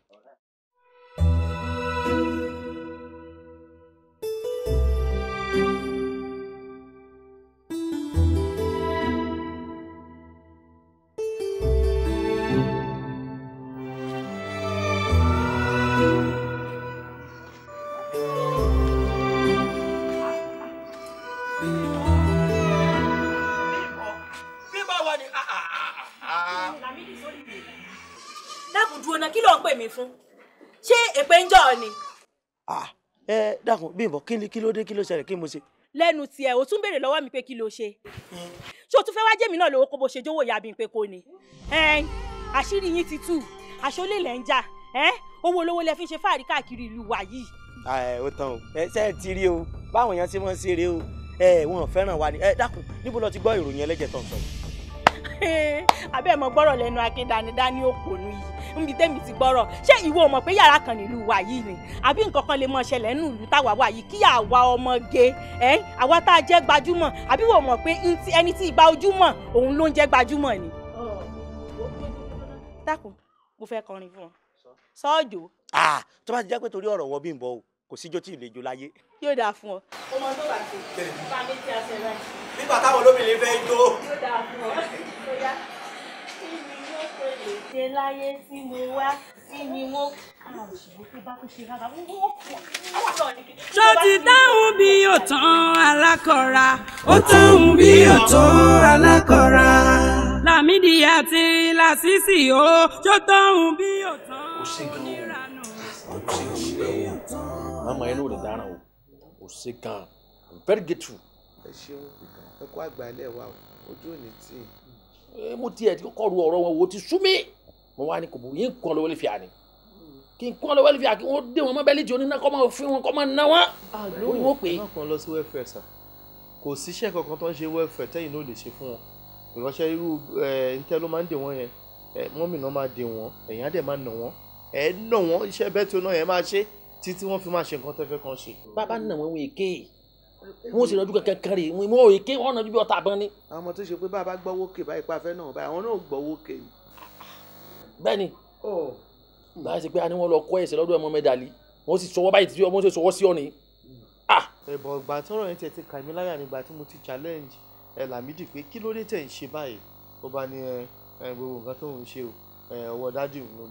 ah ẹ dákun Bímbọ́ kí ni kí ló dé kí ló ṣẹlẹ̀ kí mo ṣe. lẹ́nu tiẹ̀ o tún béèrè lọ́wọ́ mi pé kí ló ṣe ṣé o tún fẹ́ wá jẹ́mi náà lówó kó bó ṣe jówó ìyá mi pé kò ní. àṣírí yín ti tú àṣọlé lẹ́ ń jà owó olówó lẹ fi ń ṣe fáàrí káàkiri ìlú wa yìí. ẹ ó tán o ẹ ṣe é ti rí o báwọn èèyàn ṣe máa ń ṣeré o ẹ wọn fẹ́ràn wa ni ẹ dákun níbo lọ ti gbọ́ ìròyìn ẹlẹ́jẹ̀ tó àbẹ́ mọ gbọ́rọ̀ lẹ́nu akédanidání òpònú yìí níbi tẹ́mi ti gbọ́rọ̀ ṣé ìwọ ò mọ̀ pé yàrá kan nílùú wa yìí ni àbí nǹkan kan lè mọ ṣẹlẹ̀ nínú ìlú táwa wà yìí kí àwa ọmọge ẹ̀ àwa tá a jẹ́ gbajúmọ̀ àbí wọ́n mọ̀ pé ẹni tí ìgbà ojúmọ̀ òun ló ń jẹ́ gbajúmọ̀ ni. dákun mo fẹ́ kọrin fún ọ sọ́ọ̀jọ́. tó bá ti jẹ́ pé torí ọ̀rọ̀ wọ Bímbọ́ o kò síjó tí ìlejò nígbà táwọn olómìnira fẹ́ jó. yóò dáa fún ọ ṣe láyé tí mo wá sí ni mo. ṣó ti dáhùn bí yóò tán alákọ̀ọ́ra. ó tóhun bí yóò tó alákọ̀ọ́ra. Lámídì àti Lásìsì ó ṣó tóhun bí yóò tán oníranù. mama inú rẹ̀ dára o kò sí kan very grateful. ẹ ṣeun ẹ kó àgbà ilé wa ojú ò ní tì Eh, mo tiẹ̀ ti kọ́ ru ọ̀rọ̀ wọn wò ó ti sú mi mo wá ní kò burú yín kàn lọ́wọ́ lẹ́fìá ni kí n kàn lọ́wọ́ lẹ́fìá kí wọ́n dé wọn mọ́bẹ́lì tí oníná kọ́ máa fi wọn kọ́ máa ná wọn. àlọ́ ìwọ pé kàn lọ sí wẹ́fẹ̀ sà kò síṣẹ́ kankan tó ń ṣe wẹ́fẹ̀ tẹ́yìn náà lè ṣe fún wọn ìránṣẹ́ irú ntẹ́ ló máa ń dè wọ́n yẹn mọ́mì náà máa dè wọ́n ẹ̀yìn á dẹ̀ máa nà wọ́n ẹ̀ nà wọ́n iṣẹ́ wọn ò sì rọjú kẹkẹ kan rè wọn ò èké wọn nàjú bí ọta àbọn ni. àwọn ọmọ tó ṣe pé bàbá gbọ́ wókè báyìí pàfẹ́ náà báyìí àwọn náà gbọ́ wókè. bẹ́ẹ̀ni láì sí pé a ní wọn lọ kọ ẹsẹ lọ́dọ̀ ọmọ mẹdàlí wọn sì sọwọ báyìí tí ọmọ sì sọwọ sí ọ ni. Ah! ẹ̀bọ̀ tí ọ̀rọ̀ yẹn tẹ̀ ti kà nígbà tí mo ti challenge ẹ̀ làmídì pé kí ló dé tẹ̀ ń ṣe báyìí ó o ọwọ́ dájú ló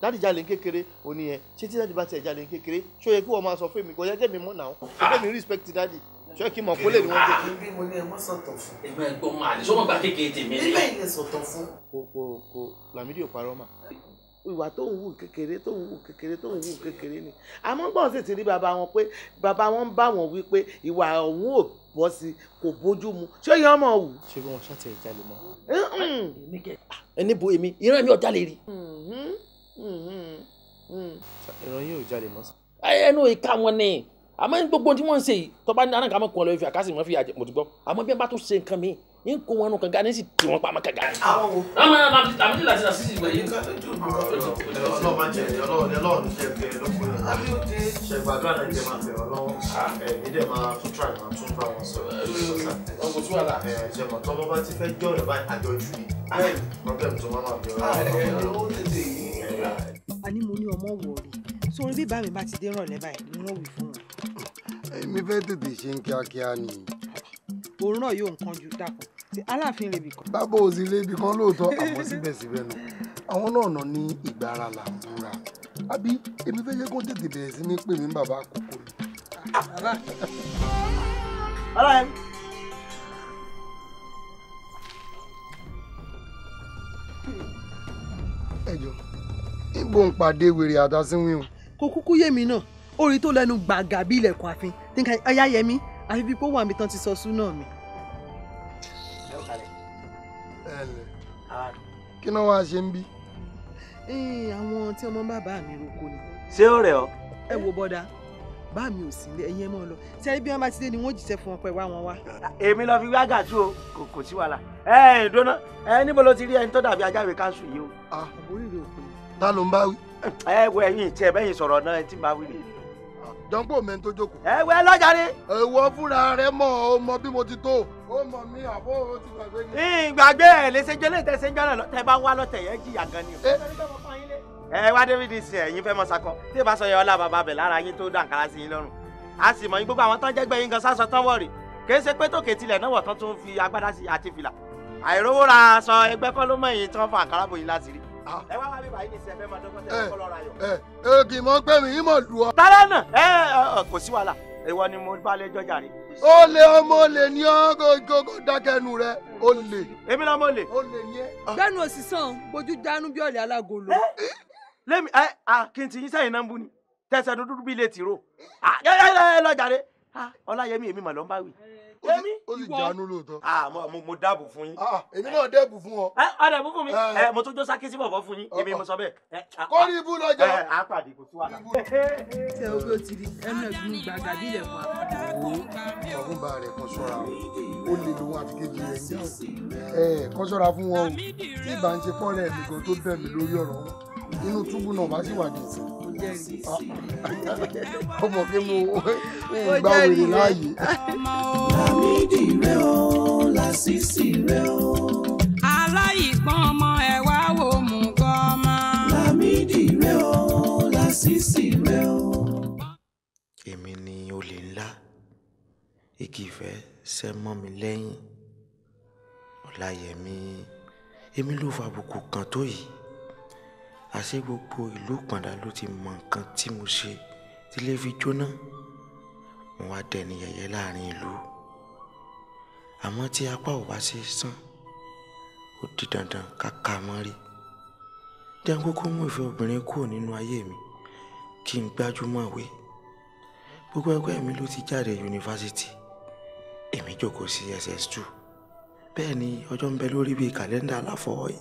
dáàdì jalè kékeré òní yẹn ṣé tí dáàdì bá tiẹ̀ jalè kékeré ṣó yẹ kí wọ́n máa sọ fún èmi kò yẹ kẹ́mi mọ̀ náà ṣé mi respect dáàdì ṣé kí mọ̀ kó lè ní wọ́n jẹ́ kí. bí mo ní ẹ mọ́ sọ̀tọ̀ fún. ẹgbẹ́ ẹgbọ́n máa lè sọ́wọ́n gbà kékeré tèmi. nígbà yìí lè sọ̀tọ̀ fún. kò kò kò Lamidi ò parọ́ mà ìwà tó ń wù kékeré tó ń ni àmọ́ gbọ́n sì ti rí bàbá wọn pé bàbá wọn ń bá wọn wí pé ìwà ọ̀hún ò bọ́ sí kò bójú mu ṣé yẹn ọmọ wù. ṣé wọn ṣàtẹ̀ ìjálè mọ́. ẹni bo èmi ìran mi ò rí. Mm-hmm ìròyìn ò jalè mọ́. ẹnu ìka wọn ni àmọ́ gbogbo tí wọ́n ń ṣe yìí tọ́ba ní anáka mọ̀ kún ọ lọ́wọ́ fi àkásì mọ́ fi àjẹ mọ̀ ti gbọ́ àmọ́ bí wọ́n bá tún ṣe nǹkan mi ní kó wọn nù kankan ní sì tì wọ́n pamọ́ kankan. àwọn wo. ọmọ àbí làtí làtí sì wẹ̀yìn. ọlọ́run máa jẹ ọlọ́run ọlọ́run jẹ bẹ́ẹ̀ lọ́kùnrin. àbí ó dé. ṣègbàdúrà náà jẹ máa bẹ̀ ọ́ lọ́wọ́. ẹ̀mí dẹ̀ máa tún tíra ìmọ̀ tún bá wọn sọ̀rọ̀. ọkùnrin tí wà lá. ẹ̀ ṣe mọ̀ tọ́ bọ́ bá ti fẹ́ jọ́ ọ̀rẹ́ báyìí àjọjú ni a ní mo ní ọmọ wọ̀ọ̀rì sórí bí bàmí bá ti dé rànlẹ́ báyìí ni wọ́n wí fún wọn. èmi fẹ́ tètè ṣe ń kíákíá ni. òun náà yóò nǹkan ju dàpọ̀ tí aláàfin lè bì kan. bábò òsì lè bì kan lóòótọ́ àmọ́ síbẹ̀síbẹ̀ nù àwọn náà nà ní ìgbára là ń búra àbí èmi fẹ́ jẹ́ kó tètè bẹ̀rẹ̀ sí ní pè bàbá àkókò rẹ̀. ẹ jọ níbo ń pàdé wèrè àtàsínwìn o. kò kúkú yé mi náà orí tó lẹ́nu gbàgà bí ilẹ̀kùn àfin nǹkan ayáyẹmí àfi bí pọ́wọ́ àmì tán ti sọ sún náà mi. kí náà wàá ṣe ń bí. Eh, àwọn tí ọmọ bàbá mi roko ni. ṣé ó rẹ̀ ọ́. ẹ wo bọ́dà bá mi ò sí ilé ẹ̀yin ẹ mọ́ lọ tí ẹ bí wọ́n bá ti dé ni wọ́n jíṣẹ́ fún ọpẹ́ wá wọn wá. èmi lọ fi wá gàtú o kò sí wàhálà ẹ ẹ dóná ẹ níbo ló ti rí ẹni tó dàbí ajáwé káńsù yìí o. Ah. àbúrò ta ló ń bá wí. ẹ wo ẹyin tí ẹ bẹyìn sọ̀rọ̀ náà ẹ ti máa wí ni. jọ́npọ̀ mi tó jókòó. ẹ wẹ lọ́jà ni. èèwọ̀ fúnra rẹ mọ̀ ọ mọ bí mo ti tó ó mọ mi àbọ̀ ó ti gbàgbé ni. ìgbàgbé ẹ̀ lè ṣe jẹ́lé tẹ̀ ṣe ń jọ́nà tẹ bá wá lọ́tẹ̀ yẹn jìyà gan ni. Eh. ẹ wá David sí ẹ̀yin fẹ́ mọ sakọ tí ìbá sọ yẹ ọlá bàbá bẹ̀ lára yín tó dànkárá sí yín lọ́rùn a sì mọ̀ gbogbo àwọn tán jẹ́gbẹ́ yín gan sásọ tán wọ̀rì kì í ṣe pé tòkè tilẹ̀ náà wọ̀ tán tún fi agbádá sí àti fìlà àìrówó ra aṣọ ẹgbẹ́ kọ́ ló mọ̀ yín tán fún àkàrà bòyí láti rí ẹ wá wá bí báyìí ní sẹ fẹ́ máa dọ́gbọ́n tẹ̀lé kọ́lọ́ra eh, kì eh, í mọ pé mi yín mọ̀ lù ọ. rárá náà ẹ kò sí wàhálà ìwọ ni mo bá lé jọjà rè. ó lè ọmọ olè ní ọ gògógó rẹ ó èmi lọ́mọ olè. ó lè ẹ. bẹ́ẹ̀ni òsìsàn bójú dánú bí ọ̀lẹ́ alágolo. Eh, lẹ́mi ẹ àkìntì yín sẹ́yìn náà ń bú ni tẹ̀sán dúdú bíi lè tìró. ẹ ẹ lọ jàre ah, ọláyẹmí èmi mà ló ń bá wí èmi ìwọ àmọ́ ah, mo dáàbò fún yín. Ah, èmi náà dẹ́bù fún ọ. ọ̀dà eh, bú fún mi eh. Eh, mo tún jó sákì sí bọ̀bọ̀ fún yín èmi mo sọ bẹ́ẹ̀. kórì ibú lọ́jọ́. a pàdé kò sí wàhálà. tẹ ogo ti di ẹnu ẹgbẹ́ gbàgbà bí ilẹ̀ kan. wo ọ̀gbọ́n bá rẹ̀ kan ṣọ́ra ó lè lo wọn àti kejì rẹ̀ ń jẹ́ kan ṣọ́ra fún wọn o tí ìbá inú túbú náà máa sì wà dìtì ọmọ kí mo gbà wèrè láàyè. lámìdí rẹ o lásìsì rẹ o. aláìpọ́n ọmọ ẹ̀ wá wò mú gọ́mà. lámìdí rẹ o lásìsì rẹ o. èmi ni olè ńlá ìkìfẹ́ sẹ́ mọ́ mi lẹ́yìn ọ̀làyẹ̀mí èmi ló fa àbùkù kan tó yìí àṣé gbogbo ìlú Ìpàndà ló ti mọ nǹkan tí mo ṣe tílé fi jóná mo wá dẹni yẹ̀yẹ́ láàrin ìlú àmọ́ tí apá ò bá ṣe sàn ó di dandan káka mọ́ rí mú ìfẹ́ obìnrin kúrò nínú ayé mi kí n gbájúmọ́ ìwé gbogbo ẹgbẹ́ mi ló ti jáde yunifásitì èmi jókòó sí ss2 bẹ́ẹ̀ ni ọjọ́ ń bẹ lórí bíi kàlẹ́ńdà aláfọwọ́yìí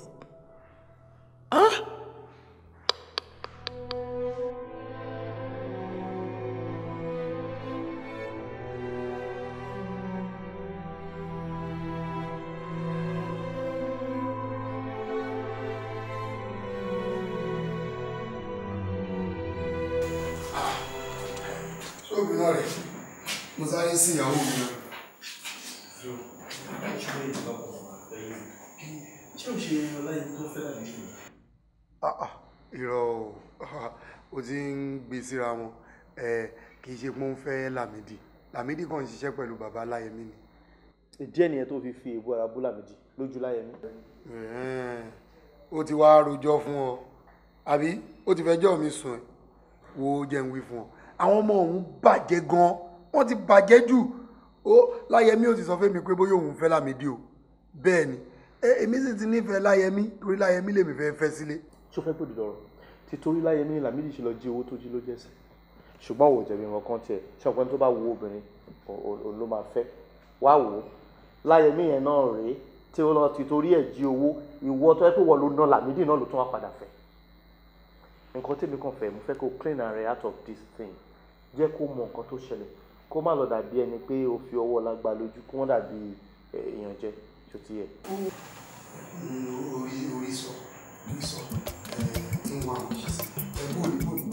Lámídì kan ń ṣiṣẹ́ pẹ̀lú bàbá Láyẹmí ni. ìdí ẹ̀ nìyẹn tó fi fi èbú ara bú Lámídì lójú Láyẹmí. ó ti wá rojọ́ fún ọ àbí ó ti fẹjọ́ mi sùn ẹ̀ wo jẹ́ ń wí fún ọ àwọn ọmọ òun bàjẹ́ gan wọ́n ti bàjẹ́ jù ó Láyẹmí ó ti sọ fún mi pé bóyá òun fẹ́ Lámídì o bẹ́ẹ̀ ni èmi sì ti nífẹ̀ẹ́ Láyẹmí torí Láyẹmí lèmi fẹ́ fẹ́ sílé. ṣó fẹ́ gbòdì lọ́rọ̀ títorí Láyẹmí Lámídì ṣe lọ jí owó tó jí ló jẹ́ sí ṣùgbọ́n òwò jẹ̀bi nǹkan tiẹ̀ ṣọ̀pẹ́ tó bá wo obìnrin ló máa fẹ́ wá wò ó láyẹ̀mí yẹn náà rèé tí ó lọ ti torí ẹ̀ jí owó ìwọ tó yẹ pé wọ́n ló ná làmídì náà ló tún wá padà fẹ́ nǹkan tèmi kàn fẹ́ mo fẹ́ kó clean ara out of this thing jẹ́ kó mọ nǹkan tó ṣẹlẹ̀ kó má lọ dàbí ẹni pé o fi ọwọ́ ọ̀la lójú kó wọ́n dàbí èèyàn jẹ tó ti yẹ. orí orí sọ orí sọ ẹ ń wá òṣìṣẹ́ ẹ bó ní bó ní.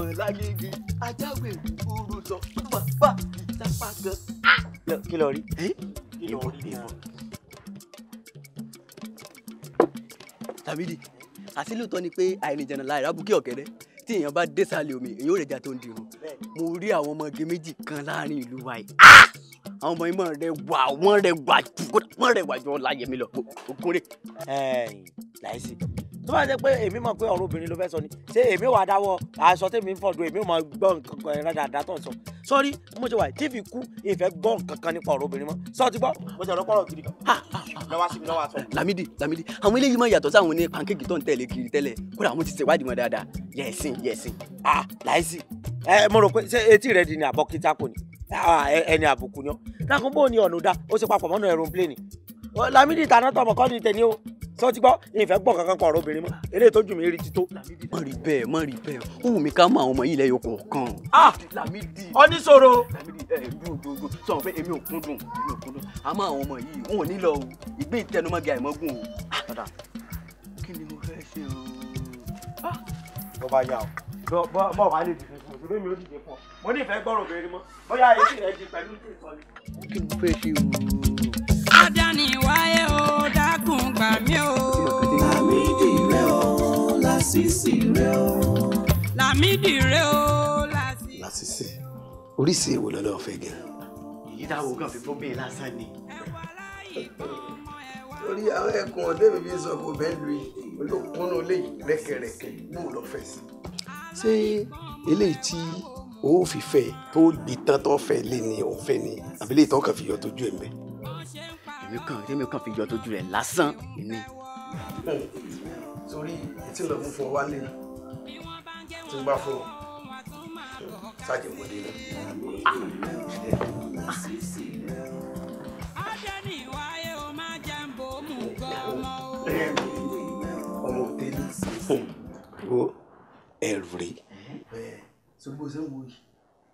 mọ̀ lágége ajáwé òru lọ pàpà ìtapá gan. kí ló rí kí ló rí ìbọn. tàbídì àti lóòótọ́ ni pé àìrìnjànà la ìrábùkẹ́ ọ̀kẹ́rẹ́ tí èèyàn bá dé sálẹ̀ omi èèyàn ò rẹ̀ já tó ń dirun mo rí àwọn ọmọge méjì kan láàrin ìlú wa yìí àwọn ọmọ ìmọ̀ rẹ wà wọ́n rẹ wà jù wọ́n rẹ wà jù ọ́ láyẹ̀mí lọ òkúrẹ́. ẹ̀ẹ́n láìsí tó bá jẹ́ pé èmi mọ̀ pé ọ̀rọ̀ obìnrin ló fẹ́ sọ ni ṣé èmi wà á dáwọ́ aṣọ tèmi ń fọ̀dọ̀ èmi mọ̀ gbọ́ nǹkan kan ẹ̀rọ dáadáa tó ń sọ sọ́rí mo ṣe wà tí fi kú ìfẹ́ gbọ́ nǹkan kan nípa ọ̀rọ̀ obìnrin mọ́ sọ ti gbọ́. mo ṣe ọ̀rọ̀pọ̀rọ̀ gidi kan lọ́wọ́ sí mi lọ́wọ́ aṣọ. Lámídì Lámídì àwọn eléyìí máa yàtọ̀ sáwọn ní pancake tó ń tẹ̀lé kiri tẹ́lẹ̀ kódà mo ti ṣèwádìí mọ́ dáadáa yẹ̀sìn yẹ̀sìn. ah láìsí ẹ mo rò pé ṣé etí rẹ di ni àbọ̀kítà kò ní. Ah, ẹni àbùkù ni ọ dákun bó ni ọ̀nà da ó sì papọ̀ mọ́nà aeroplane Lamidi tàná tọmọ kọ́ ni tẹ̀lé o sọ ti gbọ́ ìfẹ́ gbọ́ kankan kọ̀ ọ̀rọ̀ obìnrin mọ́ eré tó jù mí rí ti tó. má rí bẹ́ẹ̀ má rí bẹ́ẹ̀ ó wù mí ká mọ àwọn ọmọ yìí lẹ́yìn okùn kan. Ah! Lamidi oníṣòro. Lamidi ẹ dúró dúró sọ pé èmi ò kún dùn èmi ò kún dùn àmọ́ àwọn ọmọ yìí wọn ò ní lọ o ìgbé ìtẹnumọ́gà ìmọ̀gùn o. Ah! kí ni mo fẹ́ ṣe o. bọ́ bá yà o. bọ́ bá lè dìbò mo ní ìfẹ́ gbọ́rọ̀ obìnrin mọ́ bóyá etí rẹ di pẹ̀lú ìtò ìtọ́ni. kí n fẹ́ ṣe o. adani wáyé o dákun gbà mí o. lámìdì rẹ o lásìsì rẹ o. lámìdì rẹ o lásìsì. lásìsì oríṣi èwo lọ́lọ́ fẹ́ gẹ̀. èyí táwọn kan fi bóbìnrin lásán ni. lórí àwọn ẹkùn ọdẹ mi fi sọ kò bẹ́ẹ̀ lu olókùnrin olè rẹ́kẹ̀rẹ́kẹ̀ ní òun lọ fẹ́ sí. ṣé eléyìí tí ó fi fẹ́ tó lè tán tó fẹ́ lé ní ọ̀fẹ́ ni àbí lè tán kàn fi yọ tójú ẹ̀ mẹ́. èmi kan èmi kan fi yọ tójú rẹ̀ lásán ni. sórí etí lọ fún fún ọ wálé tí n bá fún ọ ṣáàjì wọlé náà.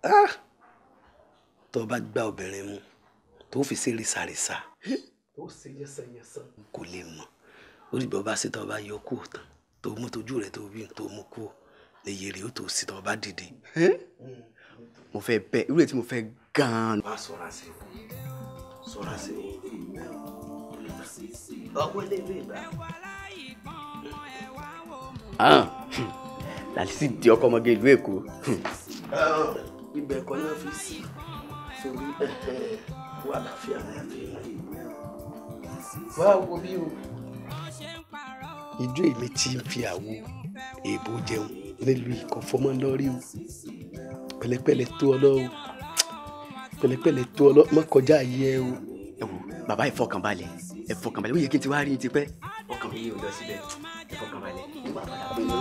Ah! tó bá gba obìnrin mu tó fi ṣe rìsàrìsà tó ṣe yẹsẹyẹsẹ kò lè mọ orí bí ọba sí tó bá yọ kú tán tó mú tójú rẹ tó bí tó mú kú lè yèrè ó tó sí tó bá dìde. mo fẹ́ bẹ irú èyí mo fẹ́ gan-an. wá sọ̀rọ̀ sí i sọ̀rọ̀ sí i ọwọ́ lè rí ìgbà. Ah! láti sì di ọkọ ọmọge ìlú èkó. ibẹ̀ kọ́ ní ọ́fíìsì torí wà láfíà ní àfihàn wá wo bí o. ìjọ èmi ti ń fi àwo èèbò jẹun nílùú ikọ̀ fọmọ o pẹ̀lẹ́pẹ̀lẹ́ tó ọ lọ́wọ́ tó ọ lọ́wọ́ mọ́kọjá ayé ẹ o. ẹ wo bàbá ẹ fọkànbalẹ̀ ó yẹ kí n ti wá rí i tipẹ́ ọkàn mi yóò lọ síbẹ̀ ẹ fọkànbalẹ̀ padà bẹ́ẹ̀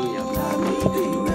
ló yẹ.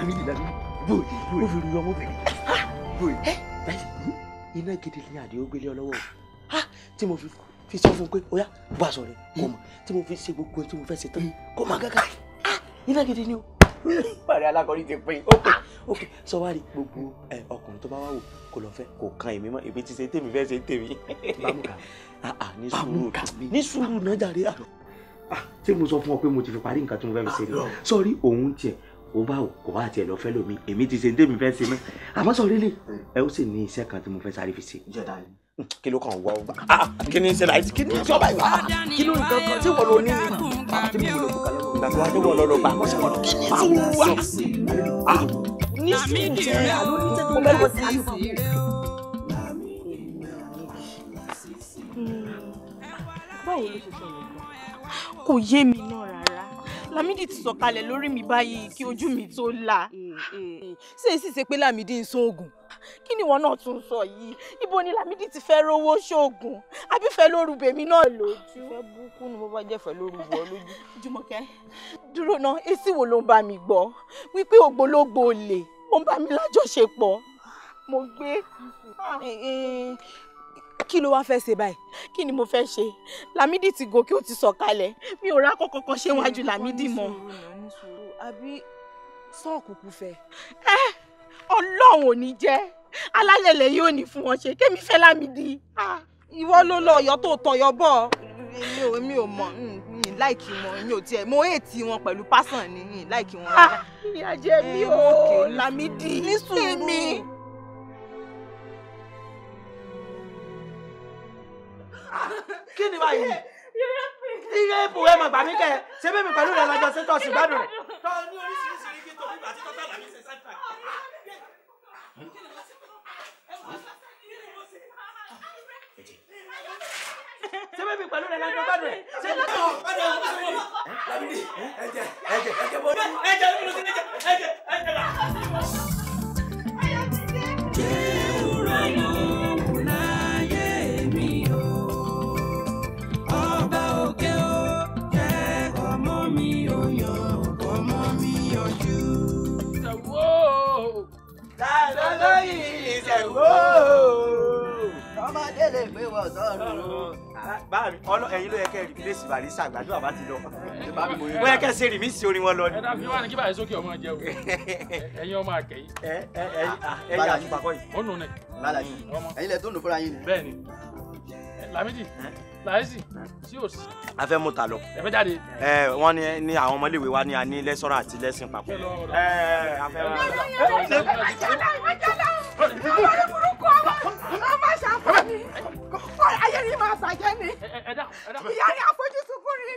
Lamidi Lamidi bóyè bóyè. Ó fi lu ọmọbìnrin. Bóyè. Iná gidi ni Àdìó gbélé ọ lọ́wọ́ o. Ah. Ah, tí mo fi sọ fún un pé oya bó aṣọ rẹ̀ kò mọ̀. Tí mo fi ṣe gbogbo tí mo fẹ́ ṣe tán hmm. kò mọ̀ gángan. Ah, iná gidi ni o. Bàrẹ̀ alákọ̀ọ́rí ti pín in. Ok sọ wá rí gbogbo ọkùnrin tó bá wà wò kò lọ fẹ́ kò kan èmi mọ́ èmi ti ṣe tèmi fẹ́ ṣe tèmi. Bámúkà. Ní sùúrù ní sùúrù náà jàre. Ṣé mo sọ fún ọ pé mo ti fi parí nǹkan tí mo fẹ́ fi ṣe rí? òun tiẹ̀ o bá kò bá tiẹ̀ lọ fẹ́ lómi èmi ti ṣe ń tèmi fẹ́ ṣe mọ́ àmọ́ sọ rẹ́lẹ̀ ẹ ó sì ní iṣẹ́ kan tí mo fẹ́ sáré fi ṣe. kí ló kàn wá o ah, ah, kí ni ṣe láì kí ni tí ọba ìwà ah, kí ló nǹkan kan tí wọ́n lọ ní àti mi wúlò kúkà lọ́wọ́ ìgbà tí wọ́n lọ lọ bá wọ́n ṣe wọ́n kí ni tí wọ́n wá ní sùn jẹ́ àlọ́ ní tẹ́tí mo mẹ́rin sí àyùbá. Hmm. báwo ló ṣe sọ yẹn kò yé mi Lámídì ti sọ̀kalẹ̀ lórí mi báyìí kí ojú mi tó là. Mm, mm, mm. ṣé èsì ṣe pé Lámídì ń sóògùn kí ni ìwọ náà tún sọ yìí ibo ni Lámídì ti fẹ́ rówó ṣoògùn àbí fẹ́ lóru bèmí náà lójú. fẹ́ búkú ni mo bá jẹ́ fẹ́ lóru wọ lójú. Jùmọ̀kẹ́ dúró náà èsì wo ló ń bá mi gbọ́ wípé ògbólógbòó lè ó ń bá mi lájọṣepọ̀ mo gbé. Ah, kí ló wá fẹ́ ṣe báyìí. kí ni mo fẹ́ ṣe Lámídì ti gòkè ó ti sọ̀kalẹ̀ mi ò rá kọ́kọ́kọ́ ṣe wájú Lámídì mọ́. àbí sọ́ọ̀kùkù fẹ́. ẹ eh, ọlọ́run ò ní jẹ́ alálẹ̀lẹ̀ yóò ní fún wọn ṣe kémi fẹ́ Lámídì. Ah, ìwọ ló lọ ọyọ tó tọyọ bọ èmi ò mọ láìkí wọn èmi ò tiẹ̀ mo èètì wọn pẹ̀lú pásán ni láìkí wọn. Ah, ìyá jẹ mi ò Lámídì ní sùúrù kí ni báyìí iye ipò ẹ̀ mọ̀ gbà mí kẹ́ ẹ ṣé bẹ́ẹ̀ mi pẹ̀lú rẹ̀ lọ́jọ́ sí tọ́sí gbádùn rẹ̀. tọ́ ní oríṣiríṣi rí kí tòun àti tọ́tà làbí ṣe sáfà. ṣé bẹ́ẹ̀ mi pẹ̀lú rẹ̀ lọ́jọ́ gbádùn rẹ̀. ṣé ní ọ̀ ọ̀dọ̀ ọ̀dọ̀ ọ̀dọ̀ ẹ̀jẹ̀ ẹ̀jẹ̀ ẹ̀jẹ̀ bọ̀ ẹ̀jẹ̀ ẹ̀jẹ̀ ẹ̀jẹ̀ ẹ̀jẹ̀ bàbá ọlọ ẹyin ló yẹ kẹ rìpílẹsì barisa àgbàdo àbá ti lọ ó yẹ kẹ ṣe rìmísì orin wọn lọ ni. ẹ̀dá fi wá ní kí bàyẹ̀ sókè ọmọ jẹ o ẹ̀yin ọmọ àkẹ́yìn. ẹ ẹ ẹ ẹyin àyùpá kọ́ yìí. ó nù ní. balaji ẹyin lẹ tó nù fúnra yín ni. bẹ́ẹ̀ni Lamidi láìsí tí ò sí. a fẹ́ mú ta lọ. ẹ fẹ́ jáde. ẹ wọ́n ní ní àwọn ọmọléèwé wa ní a ní lẹ́sọ̀rọ̀ àti lẹ́sìn papọ̀. ẹ ẹ a fẹ́ mú ni ayé ni máa ṣàjẹ́ ni ìyá ni àfojúsùnkún rí ni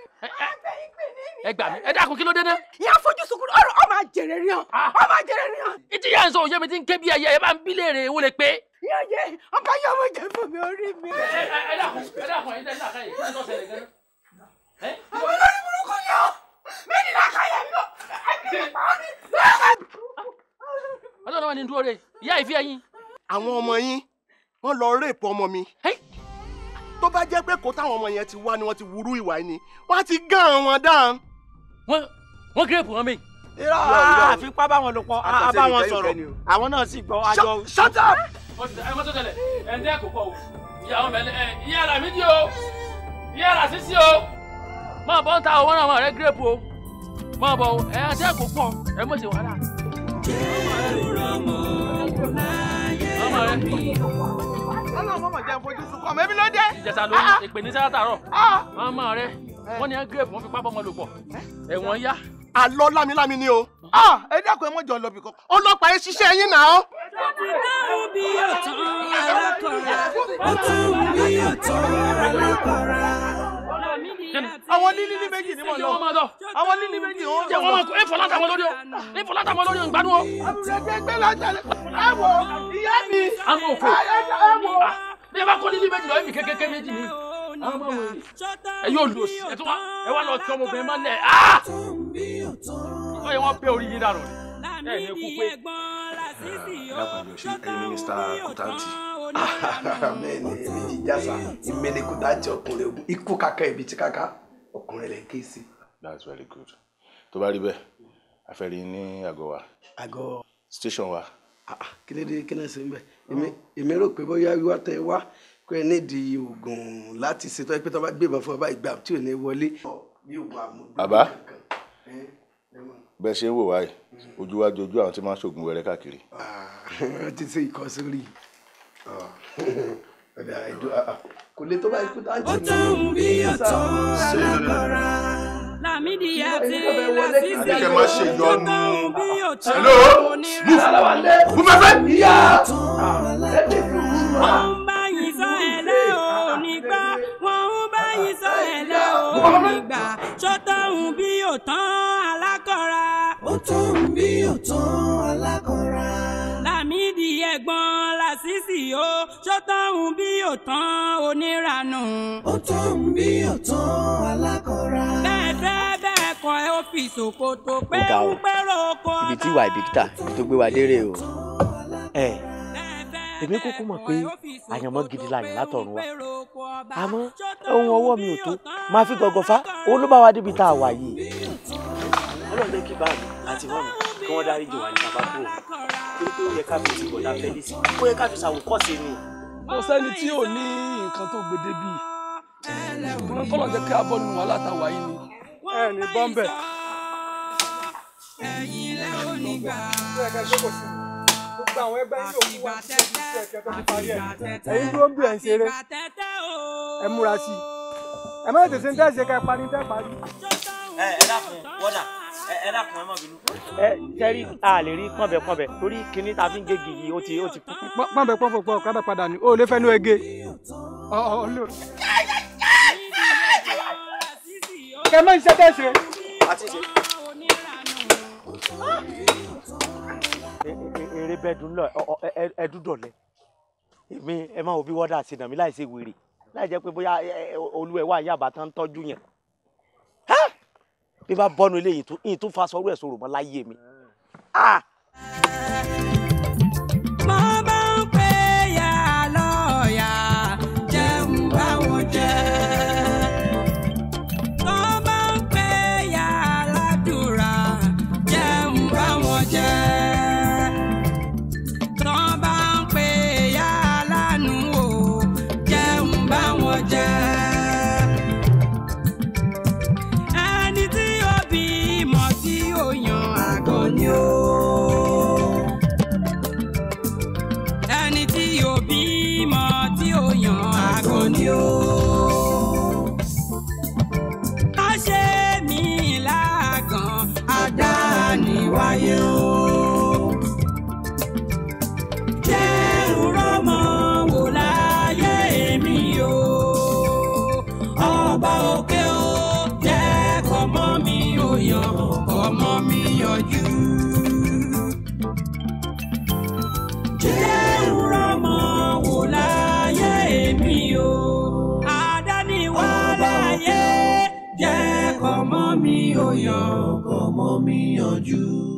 àbẹ̀ ìpè ní ẹ gbà mí ẹ dákun kí ló dé ná. ìyá àfojúsùnkún ọ̀rọ̀ ọmọ àjèrè rí hàn ọmọ àjèrè rí hàn. ìtì yẹn sọ òye mi ti ń ké bí ẹyẹ ẹ bá ń bí léèrè ewu lè pé. yóò yẹ yóò mọ jẹ fún mi orí mi. ẹ dákun ẹ dákun ẹ dákun ẹ dákun ẹ dákun ẹ àwọn olórí burúkú ni ọ méjì lákàyè mi ò ẹbí mi pa ọ ọjọ́ náà wà ní dúró rẹ̀ ìyá ìfẹ́ yín. àwọn ọmọ yín wọ́n lọ rèpù ọmọ mi tó bá jẹ́ pé kó táwọn ọmọ yẹn ti wá ni wọ́n ti wúrú ìwà ẹni wọ́n ti gán wọn dáhùn. wọ́n wọ́n gírèpù wọn mi. irọ́ àfipá bá wọn lò pọ̀ a bá wọn sọ̀rọ̀ àwọn náà sì gbọ́ àjọ. shut up. ẹ mọ́tò tẹ̀lé ẹ̀ ń dẹ́ kó pọ̀ o ìyàwó mẹ́lẹ́ ẹ̀ ìyá rà mí dí o ìyá rà sísí o máa bọ́ ń ta owó náà wọn rẹ̀ gírèpù o máa bọ̀ ẹ̀ ẹ̀ ń dẹ́ kó pọ̀ ẹ̀ mọ̀ sí wàhálà. jẹ́ ẹ̀rù rọ̀ mọ́ ọmọ rẹ. ọlọ́run mọ̀mọ́ jẹ́ fojú sunkún ọmọ ẹbí ló dé. ìjẹsà ló ń èpè ní sátàrọ̀ ọmọ rẹ wọ́n ní agrep wọ́n fi pápá ọmọ lò pọ̀ ẹ̀wọ̀n yá. àlọ́ lámilámi ni o ẹ dákun ẹ mọ̀ jọ lọ́bì kan ọlọ́pàá yẹn ṣiṣẹ́ yín náà. ó ti dáhùn bí ọ̀tán alákọ̀ọ́ra ó tún bí ọ̀tán alákọ̀ọ́ra àwọn lílí ní méjì ni mo lọ àwọn lílí méjì ó jẹ wọn. ẹ fọlá tàwọn lórí o ẹ fọlá tàwọn lórí o ń gbádùn o. àbúrò ẹgbẹ́ gbẹ́ lájà ẹ wọ mi àwọn òfò bí ẹ bá kọ́ nílé méjì lọ ẹ̀mí kékeré méjì ni àwọn ọmọ ẹ yóò lò sí ẹ tó wá ẹ wá lọ tí ọmọbìnrin máa ń lẹ̀ á. ìfọ̀ yẹn orí yín dànù ni ẹ ní kú pé. dábàá ṣe ẹyin mínísítà Kútàntì mẹ́ni èmi jásà ìmẹ́ni Kútàntì ọkùnrin ogun ikú kaka ibi tí kaka ọkùnrin lẹ́ ké sí. that's very good tó bá rí bẹ́ẹ̀ a fẹ́ rí ní àgọ́ wa. àgọ́. station wa. Ah, ah, kí ló dé kí náà ṣe ń bẹ ah. èmi rò pé bóyá wíwá tẹ wá pé ní di oògùn láti ṣe tó ẹ pé tó bá gbébọn fún ọba ìgbà tí ò ní wọlé. bàbá bẹ́ẹ̀ ṣe ń wò wáyé ojú wa jojú àwọn tí máa ń ṣoògùn wẹrẹ káàkiri. wọ́n ti ṣe ìkọ́ sórí kò lè tó bá ikú tá a jẹ́. ó tán bí ọ̀tọ̀ alágbára hamidiya ti lasisi tó tó bí ah, òtún onírànlọ́wọ́ wọ́n ń bá yín sọ ẹ̀lẹ́ ò nígbà wọ́n ń bá yín sọ ẹ̀lẹ́ ò nígbà tó tó bí òtún alákọ̀ọ́ra. ó tó bí òtún alákọ̀ọ́ra. lámìdí ẹ̀gbọ́n àlísì o ṣó tọ́hún bí yóò tán oníranù. ó tọ́hún bí yóò tán alákọ̀ọ́ra. bẹ́ẹ̀ fẹ́ bẹ́ẹ̀ kọ ẹ ó fi ṣòkòtò pé ń pérò oko ọ̀la. ibi tí ìwà ìbìkítà ibi tó gbé wa dérè o. ẹ èmi kúkú mọ̀ pé àyànmọ́ gidi la yàn látọ̀run wa àmọ́ ohun ọwọ́ mi ò tó máa fi gọ̀gọ̀ fa olúbáwá débi tá a wà yìí. ọlọ́run ló kí bá àti mọ́ mi kí wọ́n dárí jù wá ní bàbá kí ó yẹ ká fi ti bọ̀dá fẹ́lísì ó yẹ ká fi ṣàwòkọ́ṣe ni. kò sẹ́ni tí ò ní nǹkan tó gbede bíi ṣùgbọ́n kọ́lọ̀ jẹ́ kí a bọ́ nínú wàhálà táwa yìí ni. ẹ ní bọ́m̀bẹ̀. ẹ̀yin lẹ́ ò ní gbà gbogbo àwọn dúró bí ẹ̀ ń ṣeré ẹ múra sí i ẹ má tètè ń tẹ̀sí ká parí tẹ́ parí. ẹ ẹ dákun wọ́dà ẹ dákun ẹ mọ̀ bínú. ẹ tẹ́rí a lè rí pọ́nbẹ́pọ́nbẹ́ torí kinní ta fi ń gé gìgì ó ti ó ti kú. pọ́nbẹ́pọ́nbẹ́pọ́ kábà padà ní o ò lè fẹ́ nu ege. kẹ mọ iṣẹ́ tẹ ṣe. eré bẹ́ẹ̀ dùn lọ ẹ̀ẹ́dúdọ̀lẹ̀ èmi ẹ máa wo bí wọ́dà sí nàmí láì ṣe wèrè láì jẹ́ pé bóyá olú ẹ̀ wà yàbá tán tọ́jú yẹn bí bá bọ́nu eléyìí tó ìtúfàsọ́rù ẹ̀ sọ̀rọ̀ mọ́ láyé mi. Ah! Yo yo, ọkọ mọ́ mi you.